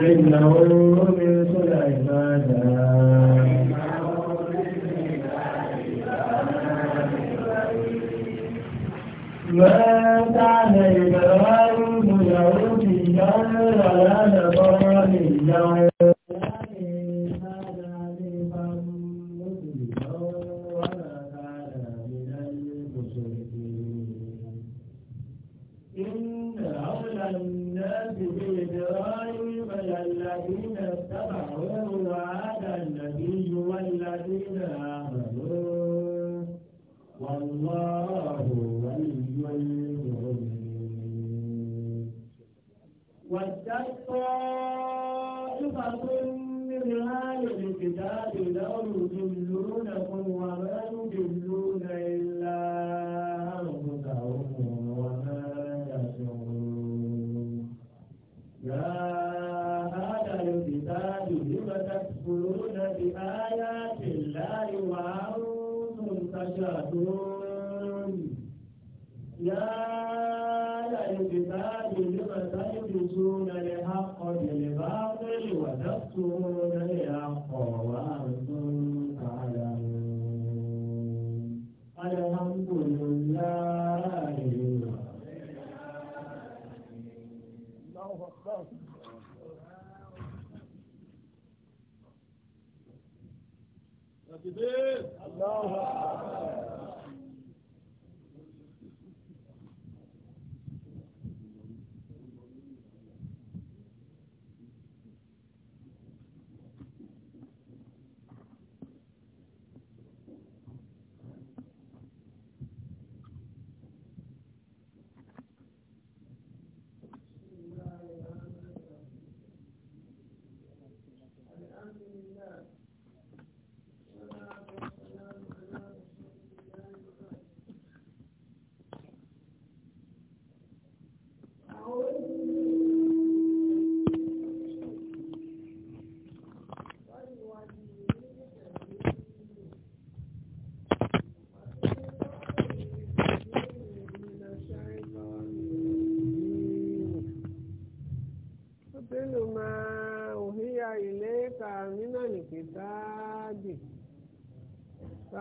إنه من سليمان ما كان إبراهيم يهوديا ولا نصرانيا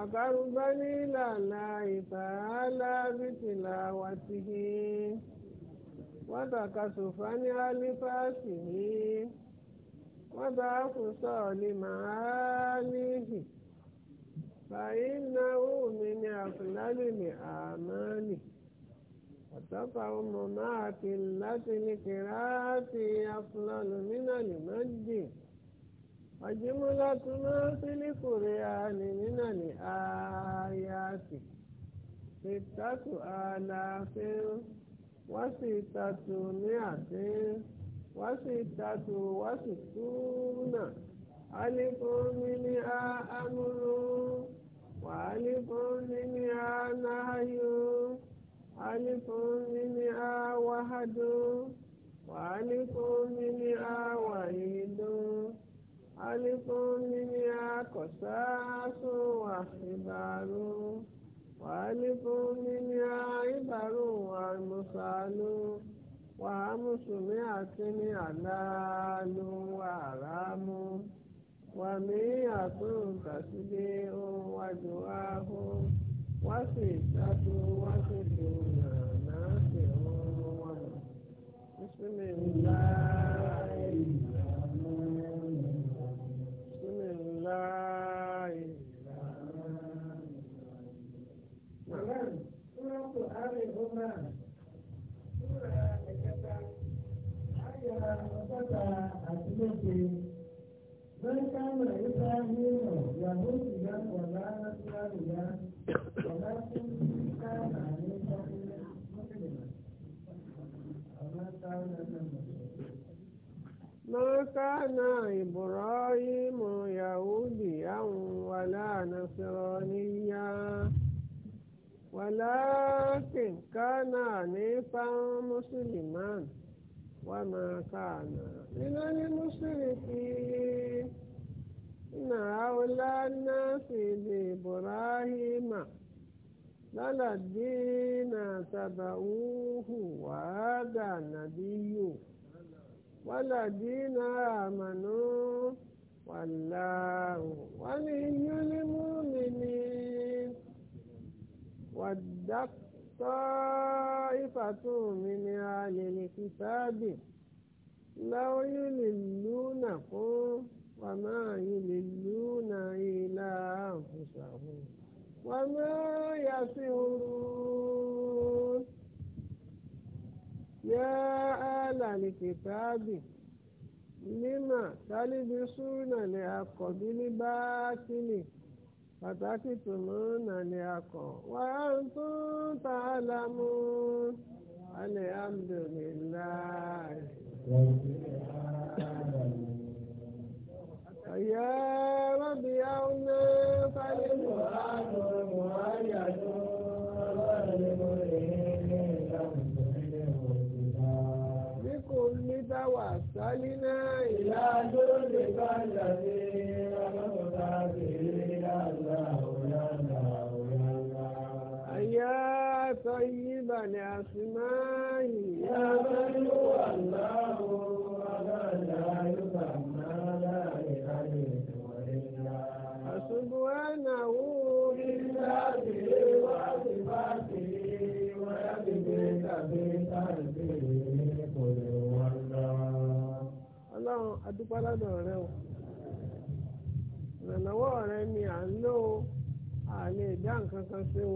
تقربني إلى الله تعالى بتلاوته وتكسفا عن فاسه وضعف صال معاليه فإنه من أفضل لأعماله وتطعم مع قلة القراءة أفضل من المجد ọ̀jìmọ́lá tún silikure ń sílíkùrẹ́ àní nínà ní àyàtì ìtàkù àlàáfíà wọ́n wasituna tàtù ní àti wọ́n sì tàtù wọ́n sì túnà alifun níní àmúrú wàálifun níní ànáyó alifun alifun minya wa ibaru wa alifun minya ibaru wa musalu wa musumi atini alalu wa aramu wa miyatun kasibiru wa wa ce zan kama ita nuna ya mutu ya wala na tsariya wala sun fi kama ne ta kuma musulma amma ta wani ما كان إبراهيم يهوديا ولا نصرانيا ولكن كان حنيفا مسلما وما كان من المشركين إن أولى الناس بإبراهيم لنا الدين تبعوه وهذا النبي والذين آمنوا والله ولي المؤمنين والدق طائفة من أهل الكتاب لو يللونكم وما يللون إلا أنفسهم وما يسرون يا أهل الكتاب لما تلبسون الحق بالباطل pàtàkì tòmọ́nà ni a kọ̀ wà á ń tún ta lámú alhamdulillah. Ọ̀yá rọ́bì áwùná fálẹ́ mọ̀ áàrùn mọ̀ áyà tó ọlọ́run ní mo lè ní ìlànà ìpínlẹ̀ òkúta. Bí kò ní táwà sálí náà ìlà tó lè bá ìlànà ọlọ́run bá bèèrè. طيب لأسمائه يا من هو الله وما لا يسمى لا يحدث وإلا سبحانه بذاته وصفاته ويبديك في كل والله Ọlọ́run adúpẹ́ lọ́dọ̀ rẹ o rẹ ni à ń lò ó nǹkan kan sí o.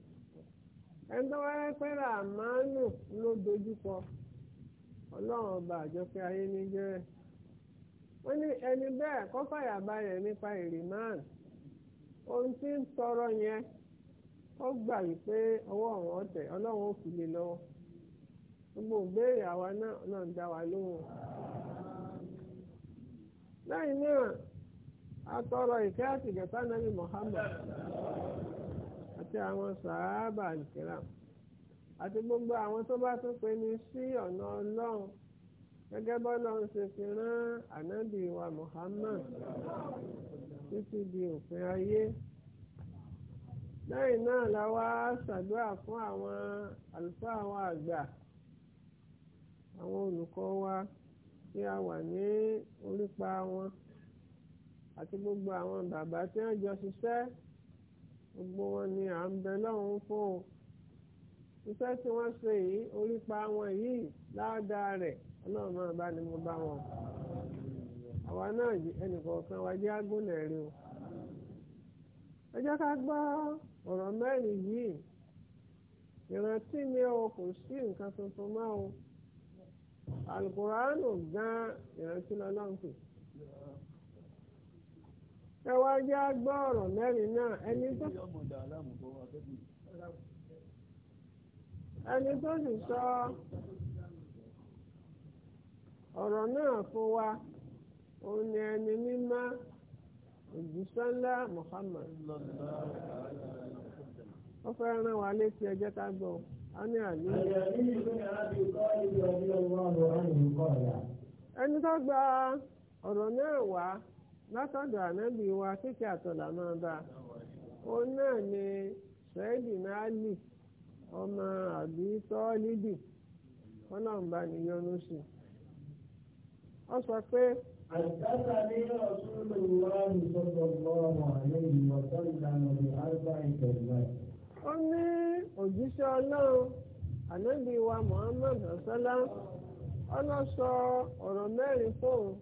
ẹni tó wáyé ló dojúkọ ọlọ́run ọba àjọkẹ́ ayé ní jẹ́rẹ̀ wọ́n ní ẹni bẹ́ẹ̀ kó fàyàbalẹ̀ nípa O ohun tí ń tọrọ yẹn ó gbà wípé ọwọ́ ọ̀hún ọ̀tẹ̀ ọlọ́run ò fi lè gbogbo náà náà wa lóhùn. lẹ́yìn náà a tọrọ ìkẹ́ àtìgẹ́sánẹ́lì àti àwọn sàábà ìkìlám àti gbogbo àwọn tó bá tún pe ní sí ọ̀nà ọlọ́run gẹ́gẹ́ bọ́lọ́run ṣe fi rán ànábì wa Muhammad títí di òpin ayé lẹ́yìn náà la wá ṣàdúrà fún àwọn àlùfáà àwọn àgbà àwọn olùkọ́ wa tí a wà ní orípa wọn àti gbogbo àwọn bàbá tí wọ́n jọ ṣiṣẹ́ gbogbo wọn ni à ń bẹ lọ́hùn fún un iṣẹ́ tí wọ́n ṣe yìí orípa wọn yìí ládàá rẹ̀ ọlọ́run máa bá ni mo bá wọn àwa náà ẹnìkọ̀ọ̀kan wa jẹ́ agbóná ẹ̀rí o ẹ jẹ́ ká gbọ́ ọ̀rọ̀ mẹ́rin yìí ìrántí mi o kò sí nǹkan tuntun mọ́ o alukóránù gan ìrántí lọ́lọ́run pè ẹ wá jẹ́ gbọ́ ọ̀rọ̀ mẹ́rin náà ẹni tó ẹni tó sì sọ ọ̀rọ̀ náà fún wa òun ni ẹni mímọ́ òjísọ́lá Muhammad ó fẹ́ rán wa létí ẹjẹ́ ká gbọ́ ọ́nà àlùyẹ. ẹni tó gba ọ̀rọ̀ náà wá. látọ̀dọ̀ ànábì wa kíkẹ́ àtọ̀là máa bá òun náà ni sẹ́ẹ̀dì náà ọmọ àbí tọ́lídì ọlọ́run bá ní sí ọ sọ pé. ó ní òjíṣẹ́ ọlọ́run ànábì wa ọ̀sọ́lá ọlọ́sọ ọ̀rọ̀ mẹ́rin fóun.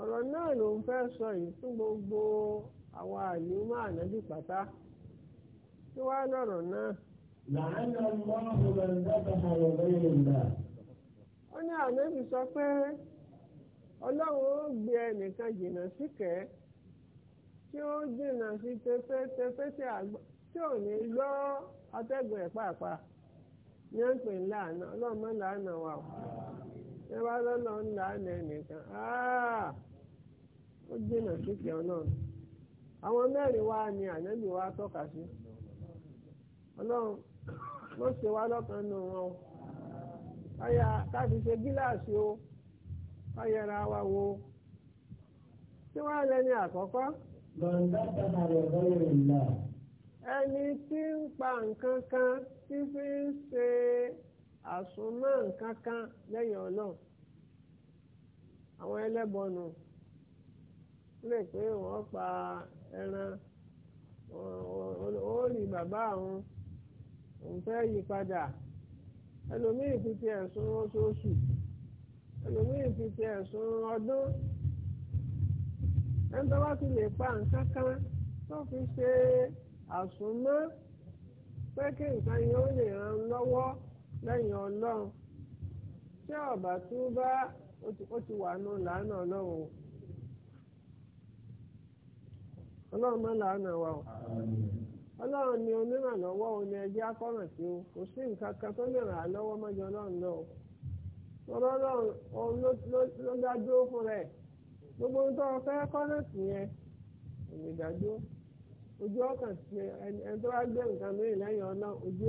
ọ̀rọ̀ náà ló ń fẹ́ sọ yìí fún gbogbo àwọn pátá tí wàá lọ̀rọ̀ náà. làánà rẹ̀ dábàá ó ní ànábì sọ pé ọlọ́run ó gbé ẹnìkan jìnnà síkẹ́ tí ó jìnnà sí tẹfẹ́tẹfẹ́ tí àgbà tí ò ní lọ atẹ́gùn ẹ̀ pàápàá ní ọlọ́run mọ́ wà ṣé wàá lọ́nà ńlá nìkan ó jìnà síkẹ̀ ọlọ́run àwọn mẹ́rin wá ni wa tọ́ka sí ọlọ́run ló ṣe wá lọ́kàn nù wọn káyà káfi ṣe gíláàsì o káyẹra wa wo tí wọ́n á lẹ́ni àkọ́kọ́. ẹni tí ń pa nǹkan kan tí fi àsomọ́ nǹkan kan lẹ́yìn ọlọ́run àwọn ẹlẹ́bọnù lè pé wọ́n pa ẹran ó rí bàbá àwọn òun fẹ́ yí padà ẹlòmíì fi ti ẹ̀sùn oṣooṣù ẹlòmíì fi ti ẹ̀sùn ọdún ẹni tó bá ti lè pa nǹkan kan tó fi ṣe àsomọ́ pé kí nǹkan yẹn ó lè ràn lọ́wọ́. lẹ́yìn ọlọ́run tí ọ̀bà tó bá ó ti wà n'ụlọ làánà ọlọ́run o ọlọ́run má làánà wa o ọlọ́run ni onírànlọ́wọ́ o ní ẹjẹ́ akọ́ràn sí o kò sí nǹkan kan tó lè lọ́wọ́ mọ́jọ ọlọ́run lọ o ọlọ́run òun ló dájú fún gbogbo ohun tó fẹ́ kọ́nà sí yẹn òun ojú ọkàn sí ẹni tó bá gbé nǹkan mìíràn lẹ́yìn ọlọ́run ojú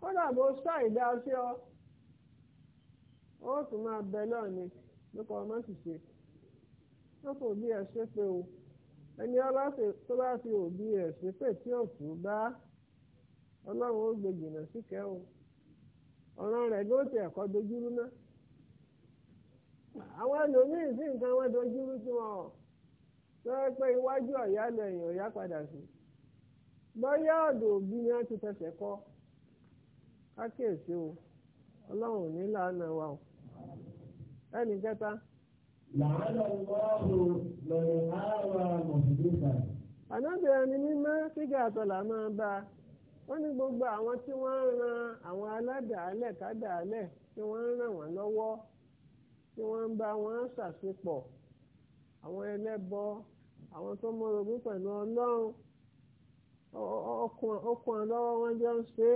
kódà bó ṣàìdá sí ọ ó tún máa bẹ náà ni lóko ọmọ sì ṣe tó kò bí pé o ẹni tó bá fi òbí ẹ ṣe pé tí bá ọlọ́run ó gbé jìnnà o ọ̀ràn rẹ̀ ló ti ẹ̀kọ́ dojúrú náà àwọn ẹlòmíín sí nǹkan wọn dojúrú tí wọn padà sí ọ̀dọ̀ òbí ni wọ́n ti kákíyèsí o ọlọ́run ò ní làánà wa o ẹnì kẹta. làánà ọlọ́run lọ́rọ̀ àárọ̀ mọ̀tòdúfà. ànábì ẹni mímọ́ ma àtọ̀là máa bá a wọ́n ní gbogbo àwọn tí wọ́n ń ran àwọn aládàálẹ̀ kádàálẹ̀ tí wọ́n ń ràn wọ́n lọ́wọ́ tí wọ́n wọn ṣàṣepọ̀ àwọn ẹlẹ́bọ àwọn tó pẹ̀lú ọlọ́run ọkùnrin lọ́wọ́ wọn jọ ń ṣe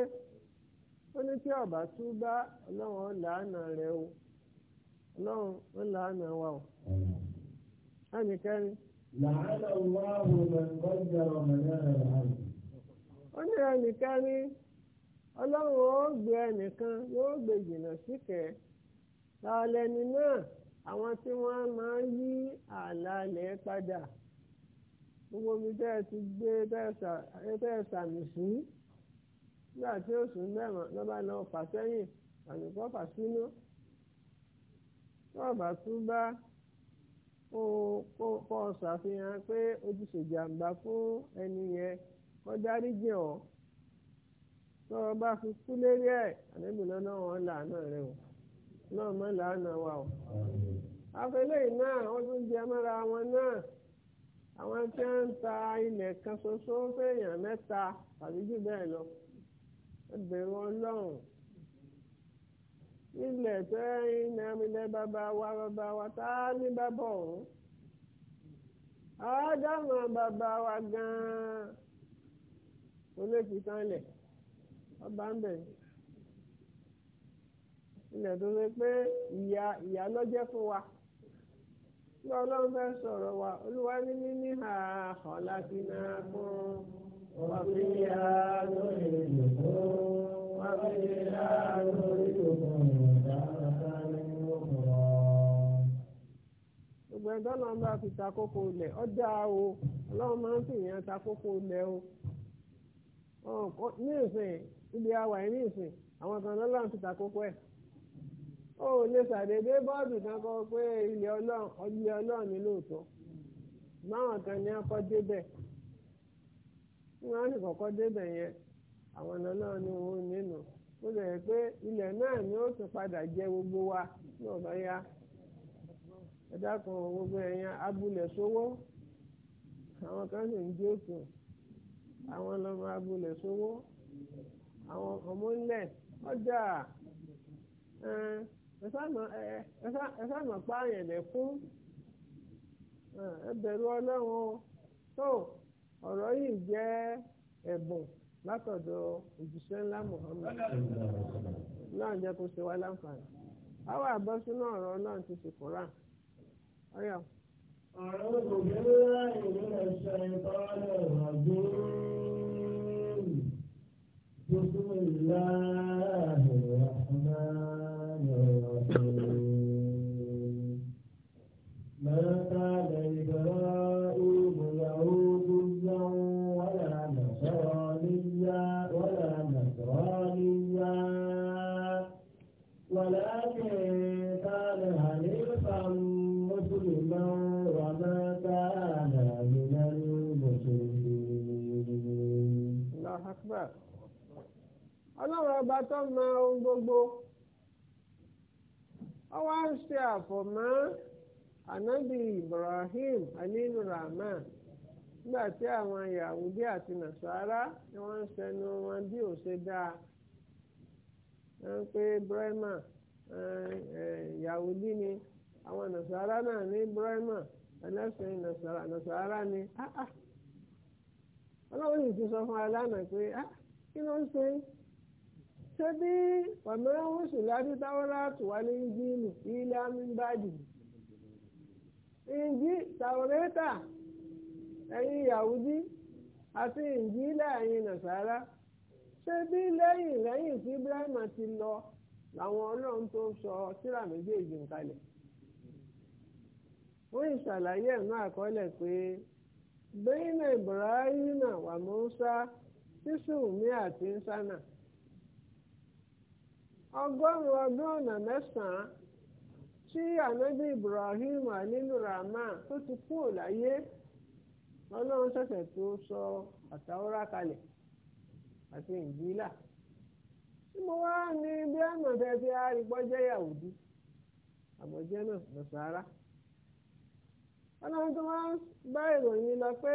ó ní tí ọba tú bá ọlọ́run ọ̀làánà rẹ̀ o ọlọ́run ọ̀làánà wa o. ẹnì kẹrin. làálà wà ọlọ́run ó gbé ẹnìkan yóò gbé jìnnà náà àwọn tí wọ́n máa ń yí padà gbogbo omi tẹ́ ẹ ti gbé tẹ́ ẹ sàmì sí. nígbà tí oṣù mẹ́rin ló bá lọ fà sẹ́yìn àyùkọ́ fà sínú tọ́ọ̀bà tún bá kó o ṣàfihàn pé o ti ṣèjàǹbá fún ẹni yẹn kó dáríjì ọ́ tó fi kú lérí ẹ̀ àlébù lọ́nà wọn làánà rẹ o náà mọ́ làánà wa o. afẹ́lẹ́ yìí náà wọ́n tún jẹ mọ́ra wọn náà àwọn tí wọ́n ń ta ilẹ̀ kan ṣoṣo fẹ́yàn mẹ́ta tàbí jù bẹ́ẹ̀ lọ ẹgbẹ̀rún ọlọ́run nílẹ̀ tẹ́ iná amílẹ̀ bàbá wa bàbá wa tá a ní bàbá ọ̀hún àádámà bàbá wa gan-an olókìtánlẹ̀ ọba ń bẹ̀ ilẹ̀ tó ṣe pé ìyá ìyá ló jẹ́ fún wa bí fẹ́ sọ̀rọ̀ wa olúwa ní ní ní àhọ́ láti náà fún un. وفيها نعيدكم وفيها نخرجكم تارة أخرى gbogbo ẹjọ́ náà bá fi ta kókó lẹ̀ ó dáa o ọlọ́run máa ń fìyàn ta kókó o ní ìsìn ibi àwà ní ìsìn àwọn kan lọ́lọ́run ẹ̀ lè ṣàdédé bọ́ọ̀dù kan kọ ilé ọlọ́run ọlọ́run lóòótọ́ báwọn kan ní wọ́n á ní kọ́kọ́ débẹ̀ yẹn àwọn ọ̀nà náà ni òun nínú ó lè rẹ̀ pé ilẹ̀ náà ni ó tún padà jẹ gbogbo wa náà bá yá ẹ dákun gbogbo ẹ̀yàn abúlé sówó àwọn kan sì ń àwọn lọ́mọ abúlé sówó àwọn ọmọ ńlẹ̀ ọjà ẹ̀sán mọ̀ pààyàn lẹ̀ fún ọ̀rọ̀ yìí jẹ́ ẹ̀bùn látọ̀dọ̀ òjíṣẹ́ ńlá Muhammad náà jẹ́ kó ṣe wá láǹfààní. sínú ọ̀rọ̀ náà ti ṣe kúrà. ọ̀rọ̀ kò gbé láì ní ẹ̀ṣẹ̀ ìtọ́lẹ̀ ma ọ bụ gbogbo ọwọ́ ń ṣe àfọ̀mọ́ ànábì Ibrahim alilu rahman nígbà tí àwọn Yahudi àti Nasara ni ń wọn bí ò ṣe dáa pe pé Brahma eh, eh, Yahudi ni àwọn Nasara náà ní Nasara ni ah, ah. ọlọ́run yìí ṣé bí ọ̀nà oṣù láti táwọ́rá tó wá ní jíìlù ilé amíbàdì ìjì tàwọ́rẹ́tà ẹ̀yin yahudi àti ìjìlá ẹ̀yin nàṣàrà ṣé bí lẹ́yìn lẹ́yìn tí ibrahim ti lọ làwọn ọlọ́run tó sọ tírà méjèèjì ń kalẹ̀ wọ́n ìṣàlàyé ẹ̀nà àkọọ́lẹ̀ pé bẹ́yìn ibrahim wà mọ́ṣá sísùnmí àti nsánà. ọgọ́rùn-ún ọdún ọ̀nà mẹ́sàn-án tí ànábì Ibrahim alilurahman tó ti kú òláyé ọlọ́run ṣẹ̀ṣẹ̀ tó sọ àtàwọ́rá kalẹ̀ àti ìjìlá tí mo wá ní bí ọ̀nà náà bá ìròyìn lọ pé.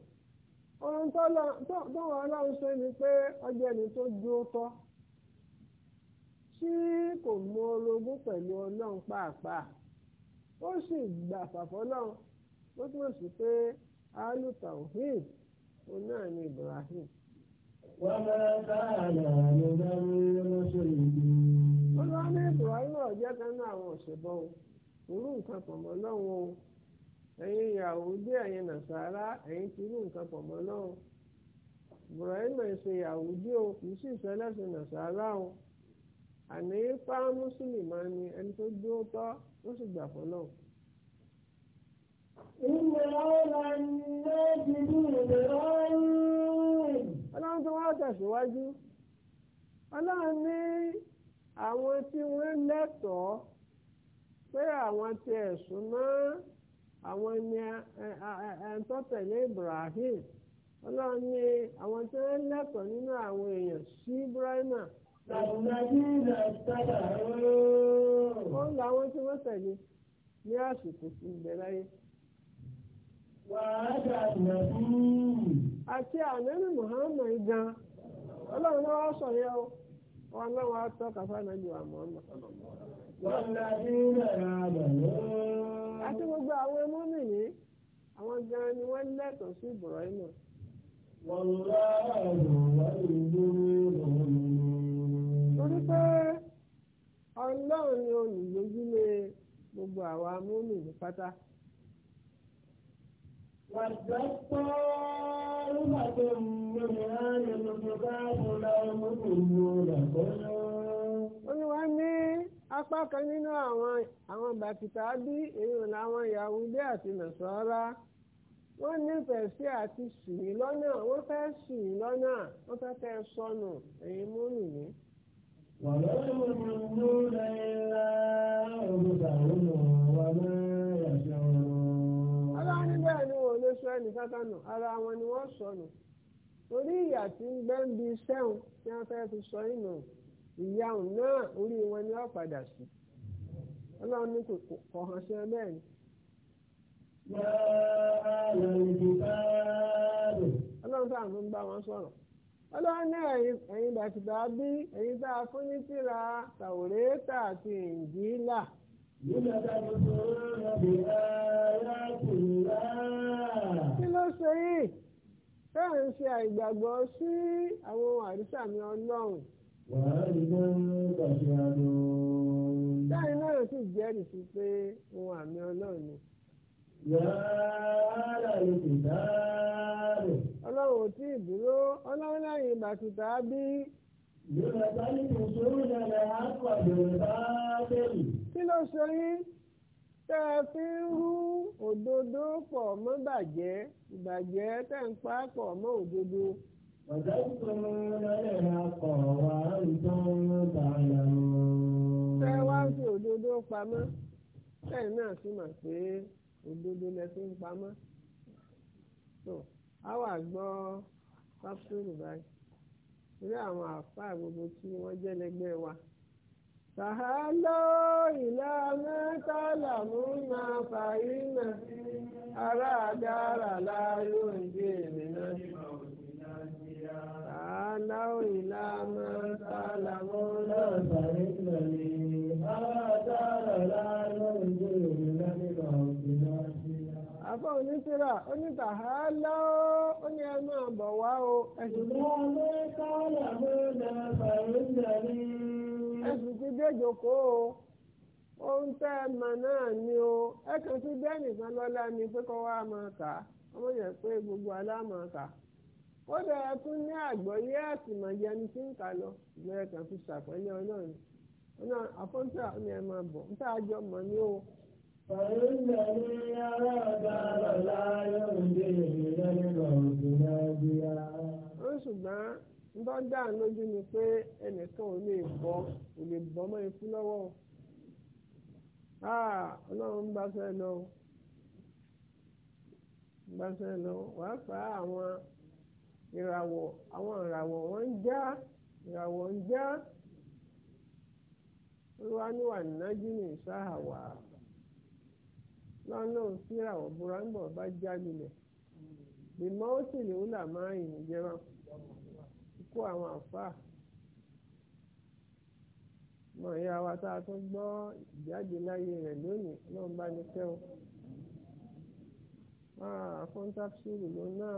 ohun tó wọn ọlọ́run ṣe ni pé ọjọ́ ẹni tó dúró tọ́ tí kò mú orogún pẹ̀lú ọlọ́run pàápàá ó sì gbà fàfọ́lọ́run ó túmọ̀ sí pé alutawhid òun náà ni Ibrahim. wọ́n máa bá àlà àlọ́dá ní ránṣẹ́ ìlú. ó lọ ní Ibrahim ọ̀jẹ́ kan náà àwọn òun ẹ̀yin ìyàwó dé ẹ̀yin nàṣàrà ẹ̀yin ti rí nǹkan pọ̀ mọ́ náà ibrahim ẹ̀sìn ìyàwó dé o kì í sì sẹ́lẹ̀sìn nàṣàrà o àní ipá mùsùlùmí máa ní ẹni tó dúró tọ́ ó sì gbà fọ́ náà. Ọlọ́run tó wá tẹ̀síwájú. Ọlọ́run ní àwọn tí wọ́n lẹ́tọ̀ọ́ pé àwọn ti ẹ̀sùn náà. àwọn ni ẹ̀ńtọ́tẹ̀lé Ibrahim ọlọ́run ní àwọn tí wọ́n lẹ́kọ̀ọ́ nínú àwọn èèyàn sí Ibrahim. ó lọ àwọn tí wọ́n tẹ̀lé ní àsìkò sí ibẹ̀ láyé. àti gan ọlọ́run náà yẹ o wọn náà wá tọ́ka fún àmọ́ ọ̀nà. wọ́n lọ sí àti gbogbo àwọn mọ́mìnì àwọn gan ni wọ́n lẹ́tọ̀ọ́ sí Ibrahim. torí pé ọlọ́run ni olùgbójúlé gbogbo àwa mọ́mìnì pátá. وَالْجَبَّارُ مِنْ آلِ الْكِتَابِ لَا يُؤْمِنُونَ بِهِ apá kan nínú àwọn àwọn bàtìtà bí èèyàn làwọn Yahudi àti Nàsárà wọ́n nífẹ̀ẹ́ sí àti ṣì yín lọ́nà wọ́n fẹ́ ṣì yín lọ́nà wọ́n fẹ́ kẹ́ sọnù èyí mú nìyí. wàlọ́ ìmọ̀lú níbẹ̀ ni wọn ò lè sọ ẹnì kankan ara wọn ni wọ́n sọnù torí ìyà tí ń gbẹ́ ń bi sẹ́wọ̀n tí wọ́n fẹ́ fi sọ yín nù ìyàwó náà orí wọn ni wọ́n padà sí ọlọ́run ní kò kọ̀ hàn sí ọlẹ́ ẹ̀. ọlọ́run tó àwọn ń bá wọn sọ̀rọ̀ ọlọ́run ní ẹ̀yin bàtìgbà bí ẹ̀yin tá a fún ní tìra tàwòrétà àti ìǹjìlá. kí ló ṣe yìí? bẹ́ẹ̀ ń ṣe àìgbàgbọ́ sí àwọn àrísàmì ọlọ́run. Báyìí náà sì jẹ́rìí sí pé ohun àmì ọlọ́run ni. Yàrá lè fi dáàbò. Ọlọ́run ò tí ì bí. Yorùbá bá ní kò sórí ìrẹ̀lẹ̀ àkọ́dé bá bẹ̀rù. Kí ló sọ yín? Tẹ́ ẹ fi rú òdodo pọ̀ mọ́ bàjẹ́, ìbàjẹ́ tẹ́ pọ̀ mọ́ òdodo. وتكتمون الحق وأنتم تعلمون. ẹ wá fi òdodo pamọ́ bẹ́ẹ̀ náà sì mà pé òdodo lẹ fi ń pamọ́ tó a wà báyìí àwọn gbogbo tí wa. sàhálà mú náà ará àdára ìdí èmi náà ìlà máa ń sálà mọ́ náà sàrí ìlàlẹ̀ àádọ́rọ̀ láàárọ̀ ìjọ òní lẹ́nìmọ̀ òfin àbọ̀ oníṣẹ́ra oníta ó ní ẹ máa wá o. ẹ̀sùn ti dé jòkó o ohun tẹ́ ẹ mọ̀ náà ni o ẹ kàn tún dẹ́nìkan lọ́lá ni pé kọ́ wá máa tà á ọmọ yẹn pé gbogbo aláàmọ̀ tà á kódà ẹ tún ní àgbọ́yé àtìmọ̀yé ẹni tí ń kà lọ ìgbẹ́rẹ́ kan fi ṣàpẹ́lẹ́ ọlọ́run ọ̀nà àfọ́ńtà ni ẹ máa bọ̀ ń tàjọ mọ̀ ní o. Fàyínlẹ̀ ní ará ọ̀gá lọ́la yóò dé èmi lẹ́nu ọ̀gbìn náà bí i. Ó ṣùgbọ́n ńdọ́ dà lójú ni pé ẹnìkan ò lè bọ́ ò lè bọ́ mọ́ ikú lọ́wọ́. Ọlọ́run bá Bá fẹ́ lọ. Wàá fà àwọn ìràwọ̀ àwọn ìràwọ̀ wọ́n ń já ìràwọ̀ ń já olúwa ní wà nájú ní ìsáhàwà lọ́nà tí ìràwọ̀ búra ń bọ̀ bá já lulẹ̀ ìmọ̀ ó sì lè wúlà máa yìn jẹran kó àwọn àfáà mọ̀ ìyá wa tá a tún gbọ́ ìjáde láyé rẹ̀ lónìí náà ń bá ní kẹ́ o. Fún tápsìlì ló náà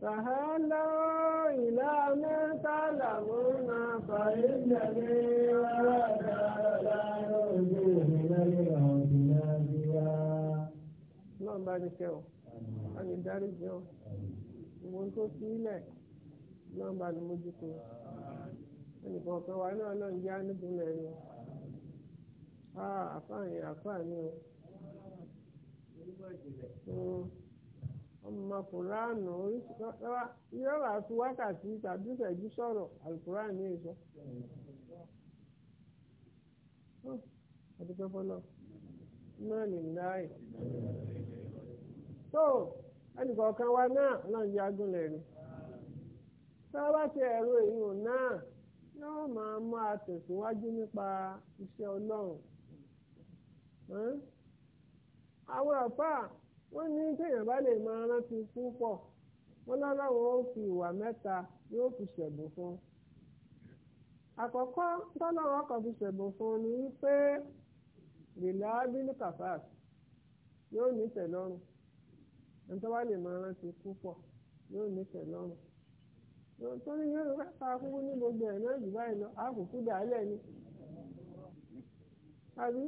فهلا إلى ما تعلمون فإن لي ولا لا ọ, ọmọ kùránù yóò wá fi wákàtí tàbí ìṣẹ́jú sọ̀rọ̀ alukùránù ní ìsọ. àdúgbò fọlọ náà ní láì. tó ẹnìkọ̀ọ̀kan wa náà náà yá gúnlẹ̀ rí. tá a bá ti ẹ̀rọ èèyàn náà yóò máa máa tẹ̀síwájú nípa iṣẹ́ ọlọ́run. àwọn ọ̀pá. wọ́n ní téèyàn bá lè máa rántí púpọ̀ wọ́n lọ́lọ́wọ́ ó fi ìwà mẹ́ta yóò fi ṣẹ̀bùn fún àkọ́kọ́ tọ́lọ́wọ́ kan fi ṣẹ̀bùn fún ni wípé reliable yóò ní tẹ̀lọ́rùn ẹni tó bá lè máa rántí púpọ̀ yóò ní tẹ̀lọ́rùn torí yóò rẹ̀ ká kúkú ní gbogbo ẹ̀ náà jù báyìí lọ àkùkù dàálẹ̀ ni.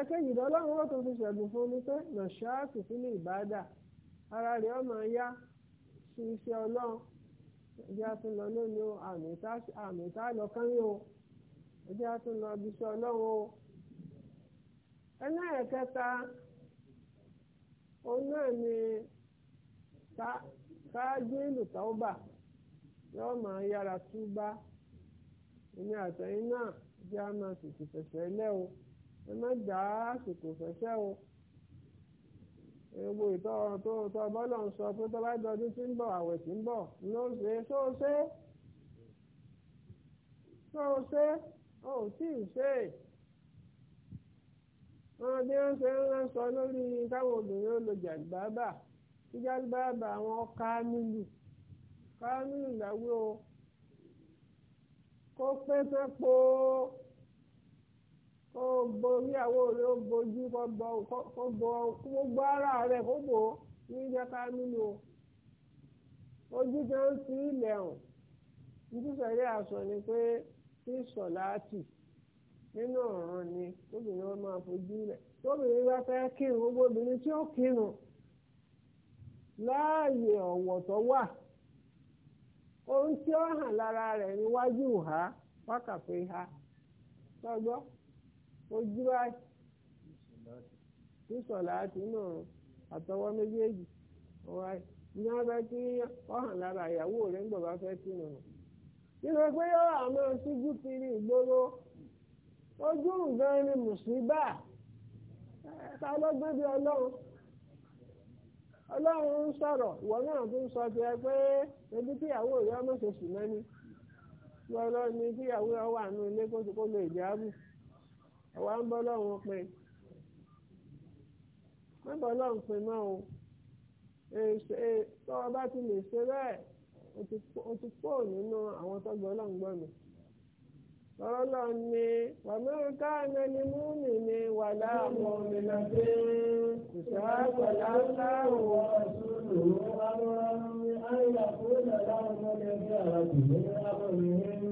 eke lọ́lọ́run ó tó fi ṣẹ̀bùn fún ni pé nàṣáàtì ní ìbádà ara rẹ̀ ọmọ ya sí iṣẹ́ ọlọ́run ẹjẹ́ tún lọ lónìí o àmì tá lọ kánrin o ẹjẹ́ tún lọ bí iṣẹ́ ọlọ́run o. ẹlẹ́ẹ̀kẹta òun náà ni ṣáájú ìlú yóò máa yára túbá àtẹ̀yìn náà jẹ́ tètè fẹ̀fẹ̀ ẹ má dá àsìkò ṣẹ̀ṣẹ̀ o ewu ìtọ́ tó tọ́ bọ́lọ̀ ń sọ pé tó bá tí ń bọ̀ àwẹ̀ tí ń bọ̀ ló ṣe tó ṣe ó tí ì ṣe wọn bí wọn ṣe ń sọ lórí káwọn obìnrin ó lo jàgbábà tí jàgbábà wọn ká nílùú ká nílùú làwé o kó pé pé po. ó borí àwọn òrè ó bojú kó bọ gbogbo ara o ojú tó ń fi ilẹ̀ hàn àṣọ ni pé tí nínú ọ̀ràn ni obìnrin wọn máa fojú tóbìnrin bá fẹ́ kírun ohun tí ó hàn lára rẹ̀ níwájú ha wákàtí ha ojú wa ní sọ̀lá àti náà àtọwọ́ méjèèjì ọ̀wá ní wọ́n tí ọ̀hàn lára ìyàwó rẹ̀ ń gbọ̀bá fẹ́ kí nù. nínú pé yọ àmọ́ síjú kiri ìgboro ojú nǹkan ni ta ló gbé bí ọlọ́run ọlọ́run náà tún sọ ti ẹ pé ebi kíyàwó rẹ̀ ọmọ ṣe mẹ́ni tí ọlọ́run ní kíyàwó rẹ̀ wà nínú ilé kó lè ẹ̀wà ń bọ́ lọ́run pé má bọ́ lọ́run pé mọ́ o tó o bá ti lè ṣe bẹ́ẹ̀ o ti pọ̀ nínú àwọn tọ́gbọ́ lọ́run gbọ́ mi. ọ̀rọ̀ lọ ni wàmíríkà mẹ́ni múni ni wà láàmú mi lọ sí ìṣàkọ̀ láńláàrún ọ̀ṣunù amúramí ayàkúnlẹ̀ láwọn ọmọdé bí àràbìnrin abọ́mìnrin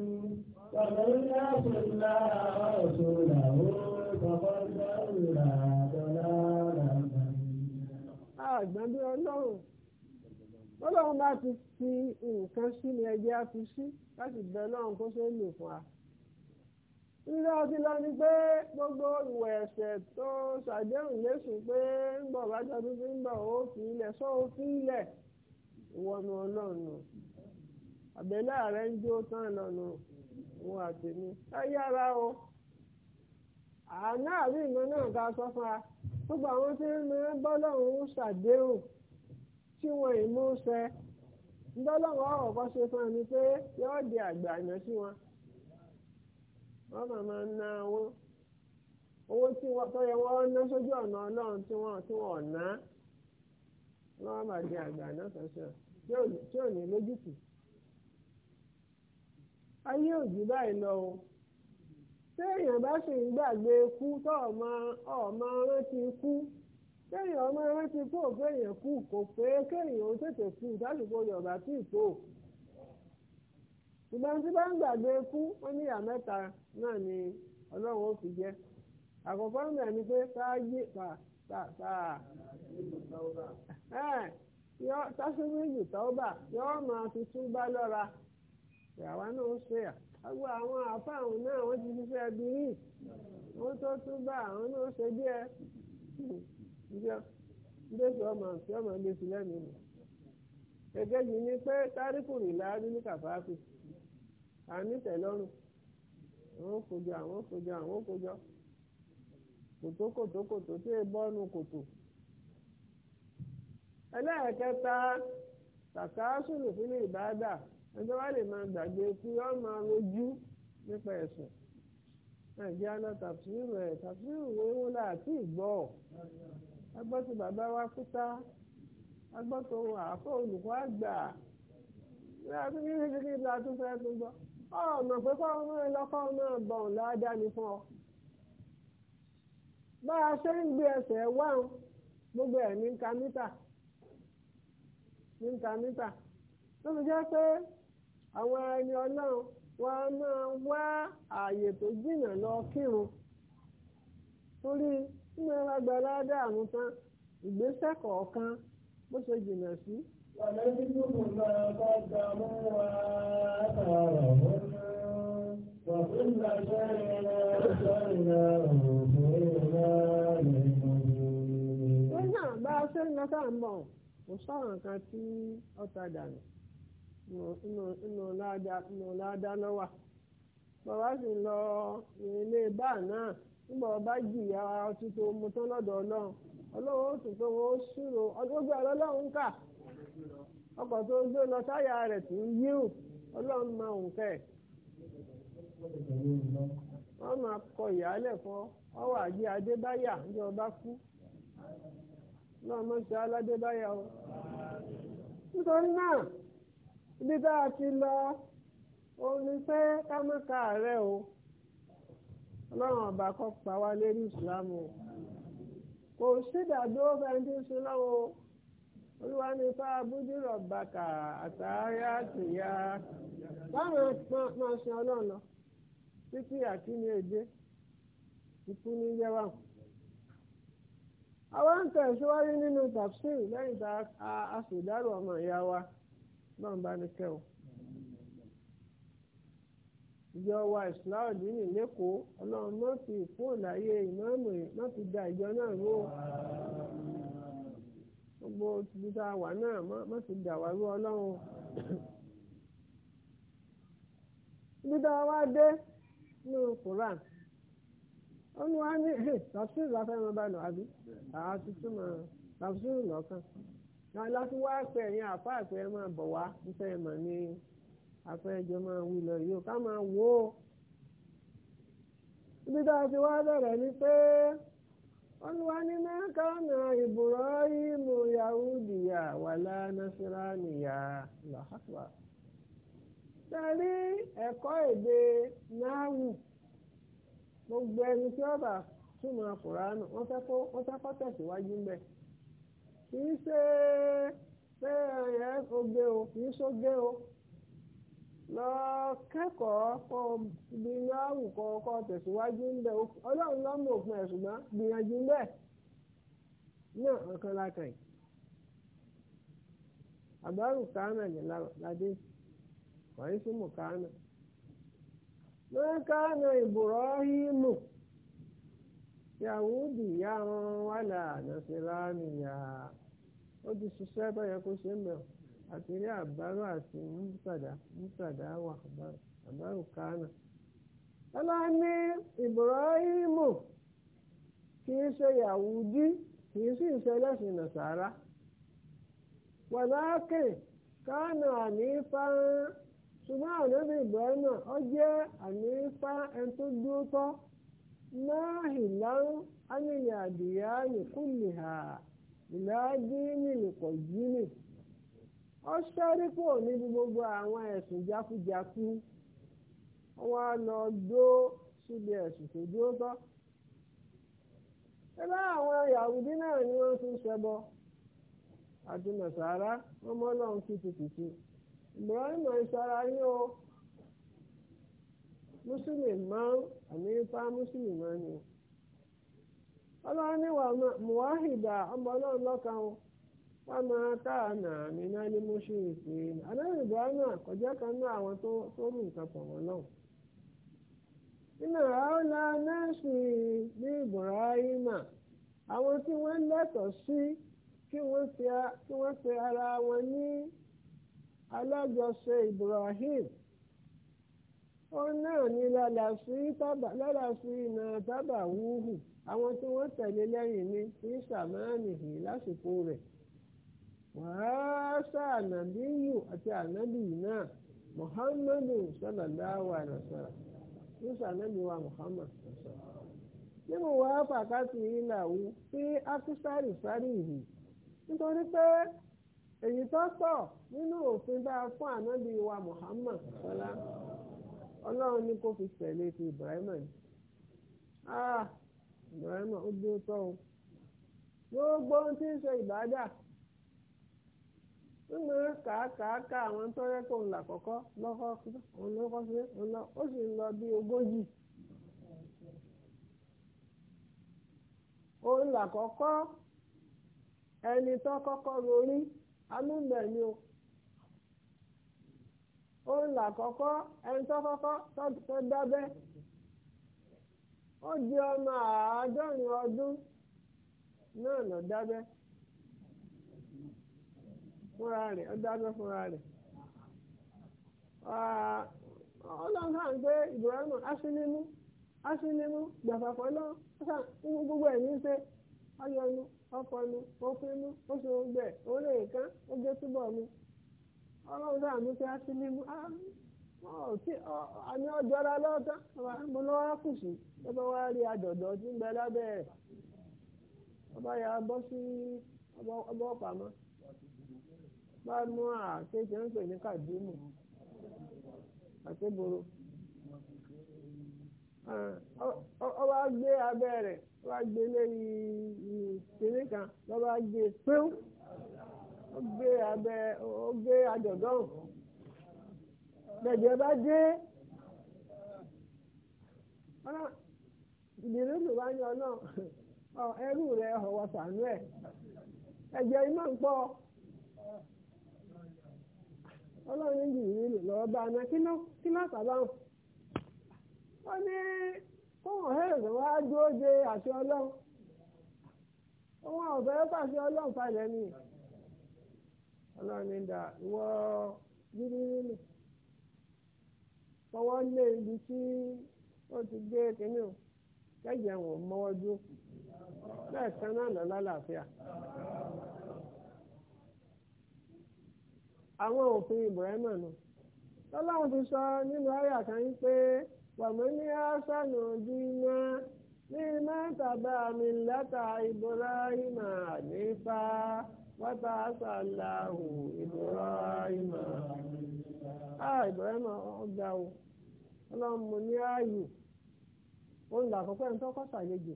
wàmíríkà fúnlá ọ̀ṣunù. àgbọ́n bí ọlọ́run ọlọ́run bá ti fi nǹkan sí ni ẹgbẹ́ á fi sí láti bẹ ọlọ́run kó ṣe é lò fún wa. nílẹ̀ ọtí lọ ni pé gbogbo ìwà ẹ̀ṣẹ̀ tó ṣàdéhùn lẹ́sùn pé ń bọ̀ bájọ́ tó fi ń bọ̀ ó fi ilẹ̀ sọ ó fi ilẹ̀ ìwọ̀nù ọlọ́run àbẹ̀lẹ̀ rẹ̀ ń jó tán lọ́nu òun àtẹ̀mí ẹ yára o àná àbí ìmọ̀ náà ká sọ fún wa. gbogbo àwọn tí ń máa bọ́lọ́run ṣàdéhùn tí wọn ì ṣẹ ṣe fún pé di àgbà àná sí wọn wọ́n máa máa ná owó owó tí wọ́n wọ́n ná sójú ọ̀nà ọlọ́run tí wọ́n tí téèyàn bá sì ń gbàgbé ikú tó ọmọ ọmọ rántí ikú kéèyàn ọmọ rántí kú òkú kú kò pé kéèyàn ó tètè kú ìdásìkò yorùbá tí ì tó ìgbà tí bá ń gbàgbé ikú wọn mẹ́ta náà ni ọlọ́run jẹ́ àkọ́kọ́ ń bẹ̀ ni pé gbogbo àwọn àwọn náà wọ́n ti ṣiṣẹ́ bírí wọ́n tó tún bá àwọn náà ṣe díẹ̀ ìjọ lóṣù ọmọ àti ọmọ lóṣù lẹ́mìí nù. ẹ̀gẹ́jì ni pé tárìkù nìlá kàfáàfì tẹ̀lọ́rùn àwọn àwọn àwọn kòtó tí ì bọ́nu ẹlẹ́ẹ̀kẹta ẹjọ́ wa lè máa gbàgbé kí wọ́n máa rojú nípa ẹ̀sùn nàìjíríà lọ tàfsírù ẹ̀ tàfsírù owó láti ìgbọ́ agbọ́tò bàbá wa kúta agbọ́tò àáfọ̀ olùkọ́ àgbà kíkíkí la tún fẹ́ tó gbọ́ ọ̀nà pé kọ́ ọmọ ẹ lọ́kọ́ náà bọ̀n láàdá ni fún ọ. bá a ṣe ń gbé ẹsẹ̀ wá ń gbogbo ẹ̀ ní ń ka mítà ní ń ka mítà tó fi jẹ́ pé àwọn ẹni ọlọ́run wọn a máa wá ààyè tó jìnnà lọ kírun torí nínú ẹ̀rọ agbára àrùn tán ìgbésẹ̀ kọ̀ọ̀kan bó ṣe jìnnà sí. Wàlẹ́bí tó kò máa bá ga mú wa àtàrà wọn wà fún ìgbàgbọ́ ìrìnà ìjọ ìrìnà òògùn ìrìnà ìrìnà. Wọ́n náà bá a ṣe ń lọ sáà ń bọ̀ kò sọ̀rọ̀ kan tí ọ̀tá dànù. nù ládàá náà lọ bàbá ebe a ilé báà ọba ji ara ọtụtụ mu tán ọlọwọ ọlọ́run ọlọ́run ó tún pé wọ́n nka ọkọ ọgbẹ́ ọlọ́run taya rẹ lọ rẹ̀ ń yíwù ọlọ́run ọba kú sí aládébáyà o. nítorí ibi tá a ti lọ òun ni pé ká má ka àárẹ̀ o ọlọ́run ọba kọ́ pa wá lérí ìsìlámù o kò sídàdó bẹ́ẹ̀ tí ń sin lọ́wọ́ o olúwa ní fá abúdírọ̀ bàkà àtàárẹ̀ àtìyá báwọn máa sin ọlọ́run lọ títí àkíní èdè ikú ní yẹ́wà àwọn tẹ̀síwájú nínú tafsir lẹ́yìn tá a ṣèdárò ọmọ ìyá wa. lọ́run bá mi kẹ́ o. ìjọ wa ìsìláwọ̀ dínì lẹ́kọ̀ọ́ ọlọ́run má fi fóònù ayé ìmáàmù má ti da ìjọ náà rú o. gbogbo tìbútà wà náà má fi dà wá rú ọlọ́run. ibi dé nínú náà lọ́tún wá pé afọ àfa àpẹ ẹ máa bọ̀ wá nípa ẹ̀ mọ̀ ní afẹ́jọ́ máa wí lọ ká máa ibi a ti wá bẹ̀rẹ̀ ni pé wọ́n ti wá ní yahudiya wàlá nasiraniya lọ́hàtúwà. sẹ́rí ẹ̀kọ́ èdè náàwù gbogbo ẹni tí wọ́n fẹ́ kì í ṣe pé oge o kì o lọ kẹ́kọ̀ọ́ kọ́ ibi ní àwùkọ́ kọ́ tẹ̀síwájú ń bẹ̀ ọlọ́run ló mọ̀ òpin ẹ̀sùn mọ́ gbìyànjú ń bẹ̀ náà nǹkan lákàn yìí àbárù kánà ní ládé wàá sí mù ó ti ṣiṣẹ́ tó yẹ kó ṣe ń bẹ̀ àti rí àbárò àti mùsàdá mùsàdá wà àbárò kánà. ọlá ní ìbùrọ̀ìmù kì í ṣe yàwùdí kì í sì ṣe lẹ́sìn nàṣàrà wàláàkè kánà ànífà ṣùgbọ́n ànábì náà ó jẹ́ ànífà ẹni tó dúró tọ́ náà ìlàdínì nìkọ̀ jíìnì ó ṣẹ́rí kò níbi gbogbo àwọn ẹ̀sùn jákújákú wọ́n á lọ dó síbi ẹ̀sùn tó dúró tọ́ ẹ bá àwọn yahudi náà ni wọ́n tún ṣẹbọ àti nsara wọ́n o mùsùlùmí máa ń àmì ipá ọlọ́run ní wà mùwáhìdà ọmọ ọlọ́run lọ́kan o wà máa káànà mi náà ní ṣe ìpè kọjá kan náà àwọn tó rù nǹkan pọ̀ náà. nínú àọ́lá nẹ́ẹ̀sì ní Ibrahima àwọn tí wọ́n sí kí wọ́n ara wọn ní Ibrahim náà ní lálàsí tábà wúhù. àwọn tí wọ́n tẹ̀lé lẹ́yìn ní ní sàmánì yìí lásìkò rẹ̀ wàhásà ànàbíyù àti ànábì náà muhammadu sallallahu alaihi wasallam yusuf ànábì wa muhammad nínú wa pàkátì ìlàwú sí akísárì sárì yìí nítorí pé èyí tó pọ̀ nínú òfin bá a fún ànábì wa muhammad sọlá ọlọ́run ní kó fi tẹ̀lé ti ibrahim ah ìbáraẹmọ ó dúró tọ o gbogbo ohun tí ń ṣe ìbádà ń mọ kàákàákà àwọn tó yẹ ń là kọ́kọ́ lọ́kọ́ òun ló kọ́ sí òun lọ ó sì lọ bí ogójì. òun là kọ́kọ́ ẹni tó kọ́kọ́ ó di ọma àádọ́rin ọdún náà lọ dábẹ́ fúnra rẹ̀ ó dábẹ́ fúnra rẹ̀ Ibrahim asinimu asinimu gbàfàfọ́ lọ́wọ́ gbogbo ní ṣe ọyọnu ọkọnu ọkọnu oṣù ọgbẹ orí nǹkan ó gé túbọ̀ mu àmì ọjọ́ra lọ́tọ́ mo lọ́wọ́ kù sí tó bá wá rí àjọ̀dọ̀ tí ń bẹ lábẹ́ rẹ̀ ọba ya bọ́ sí ọba mọ́. bá mú àkéjì ń pè ní kàdúmù àtéboro ọba gbé abẹ́ rẹ̀ ọba gbé lẹ́yìn kan lọ́ba gbé e ó gbé àjọ̀dọ̀ ọ̀hún. lẹ́jọ́ bá dé ìdílé ló bá ní ọ̀nà ẹrú ọwọ ọ̀wọ́ sànú ẹ̀ ẹ̀jẹ̀ iná ń pọ̀ ọlọ́run jì ní lọ́wọ́ bá ọ̀nà kí náà sábà ń ó ní kóhùn wá dúró de àṣẹ ọlọ́run òun ọ̀fẹ́ pàṣẹ ọlọ́run falẹ̀ ni ọlọ́run ní nílùú. fọwọ́ lé ibi tí ó ti gbé kínní o kẹ́jẹ̀ wọn mọ́wọ́ dúró lẹ́ẹ̀kan náà lọ lálàáfíà. àwọn òfin ibrahima nù tọ́láwọn ti sọ nínú ayé àkàyí pé wàmí ní asánù dínà ní mẹ́tàbá mi látà ibrahima nípa wátà sàlàhù ibrahima. ah Ibrahim ọgbà o mo ní ààyè òun là àkọ́kọ́ ẹni tó kọ́ sàlejò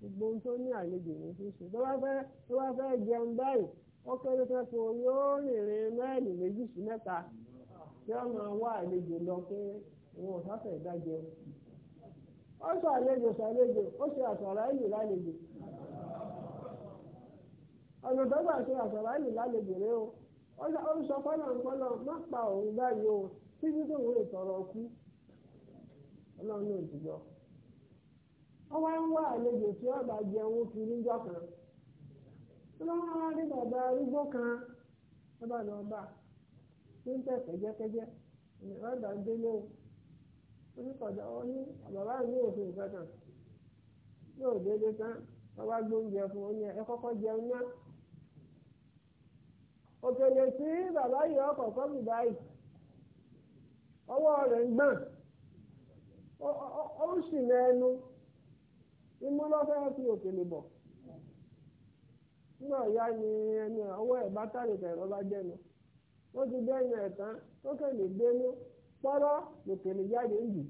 gbogbo ohun tó ní àlejò ní fi ṣe tó bá fẹ́ tó bá fẹ́ jẹun báyìí ó kéré fẹ́ fún un yóò rìnrìn mẹ́ẹ̀lì méjì sí mẹ́ta tí wọ́n máa wá àlejò lọ pé wọn ò o. ó ń sọ fọlọ́nfọlọ́ má pa òun báyìí o títí tó ń sọ̀rọ̀ kú ọlọ́run náà ti gbọ́. ó ń wá àlejò tí wọ́n bá jẹun fi níjọ́ kan ọlọ́run á rí bàbá arúgbó kan ọ ní òkèlè tí bàbá yìí ọkọ̀ kọ́bì báyìí ọwọ́ rẹ̀ ń gbọ́n. ó ń sì lẹ́nu imú fi òkèlè bọ̀ nígbà ìyá ni ẹni ọwọ́ ẹ̀ bá tàlùkà ẹ̀rọ bá jẹ́nu Ó ti dẹ́yìn kẹ̀lé lòkèlè jáde ń jù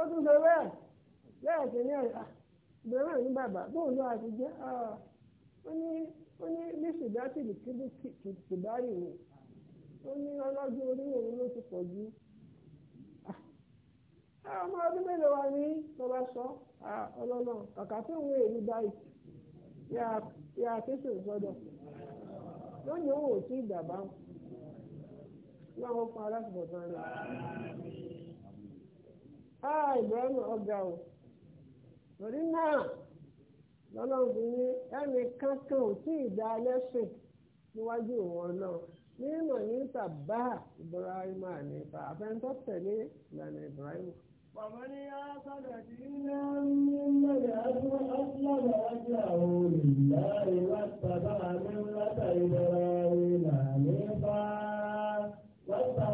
ó tún ṣe bẹ́ẹ̀ kìíní ní bàbá bóun onye ní ní sùdásìlì kìbárì ni ó anyị ọlọ́jọ́ Onye òun ló ti pọ̀ jù ah, ah, ọmọ ọdún wa ní sọ ah, ọlọ́lọ́ kàkà fún òun èyí báyìí ya á fẹsẹ̀ sọ́dọ̀ lónìí òun ò tí ì dàbá láwọn fún Ibrahim o lórí lọ́lọ́run fi ní ẹnì kankan ò tí ì dá lẹ́sìn níwájú òun náà nínú ní tàbá Ibrahim ànífà àfẹnusọ tẹ̀lé ìlànà Ibrahim. bàbá ní asọ́dọ̀ tí iná ní mẹ́rin adúlọ́ ọ̀sùnlọ́dọ̀ ọjọ́ àwọn olùdarí látàbá àmì látàrí bẹ̀rẹ̀ ìlànà nípa látàrí.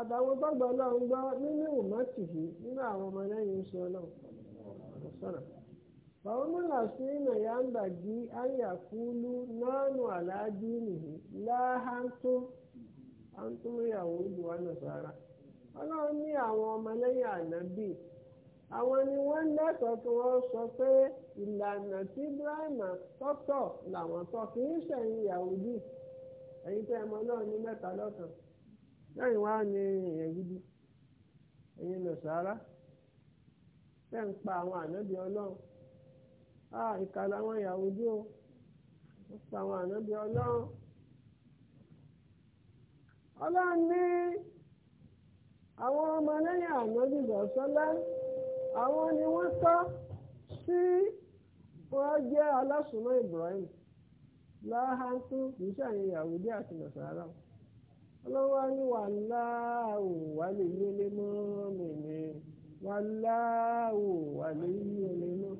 àtàwọn gbọ́gbọ́ ọlọ́run gbá nínú ìmọ̀tì nínú àwọn ọmọ lẹ́yìn oṣù ọlọ́run sọ̀rọ̀. Bàwọn múlà sí ìnàyà ń bàjí àyà kúlú nánú àlájú nìyí láhántó àǹtóyàwó olùwà nàṣàrà. Ọlọ́run ní àwọn ọmọ lẹ́yìn ànábì. Àwọn ni wọ́n wọ́n ìlànà tí Ibrahim làwọn tọ́ kì í lẹ́yìn wá ní èèyàn gidi ẹ̀yin lọ sàárà fẹ́ ń pa àwọn ànábì ọlọ́run á ìka làwọn Yàhúdí o wọ́n pa àwọn ànábì ọlọ́run ọlọ́run ní àwọn ọmọ lẹ́yìn ànábì lọ́sọ́lá àwọn ni wọ́n tọ́ sí wọ́n jẹ́ Ibrahim kì í ọlọ́wọ́ ní wàláhù wà lè yí mọ́ mi ní wà ní yẹlẹ mọ́.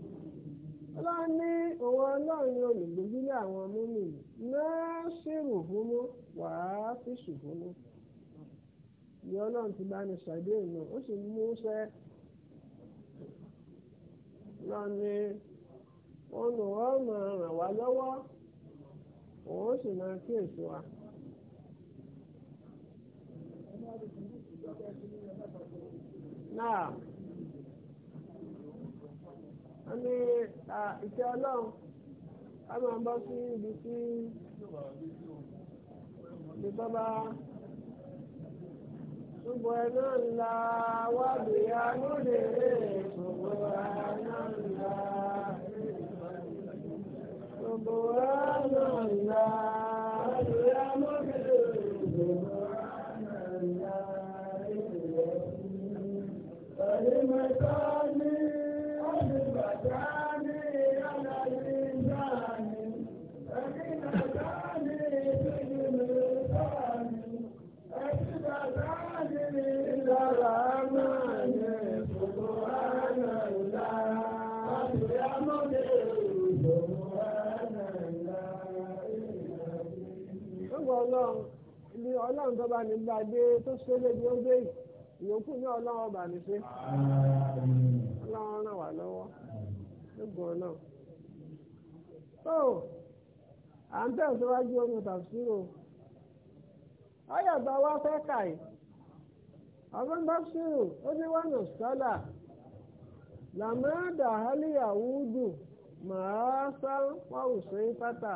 ọlọ́run òun ọlọ́run ní àwọn náà ṣèrò fúnmọ́ wàá fèsì fúnmọ́. ìyá ọlọ́run ti bá ní náà ó sì mú sẹ́ lọ́ni òun ò ràn wá lọ́wọ́ òun sì máa náà wọ́n ní ìfẹ́ ọlọ́run ká máa bọ́ sí ibi tí ìbọ́bá gbogbo ẹ̀nà ńlá wádìí anúlé gbogbo ẹ̀nà ńlá gbogbo ẹ̀nà ńlá wádìí anúlé. كلمتان أجبتان على الإنسان كلمتان في اللسان أجبتان إلى الرحمن سبحان الله يا مدير سبحان الله. Ọlọ́run ilé ọlọ́run tó bá nígbàgbé tó ṣe lébi ó gbé yìí. ìyókù ní ọlọ́wọ́ bà ní ṣe ọlọ́wọ́ ràn lọ́wọ́ lóògùn ọlọ́wọ́. tó à ń tẹ̀síwájú omi tàbísírò ọ̀yàgbà wa fẹ́ kà í tàbísírò ó ní wọ́n nù sọ́là màá sá pátá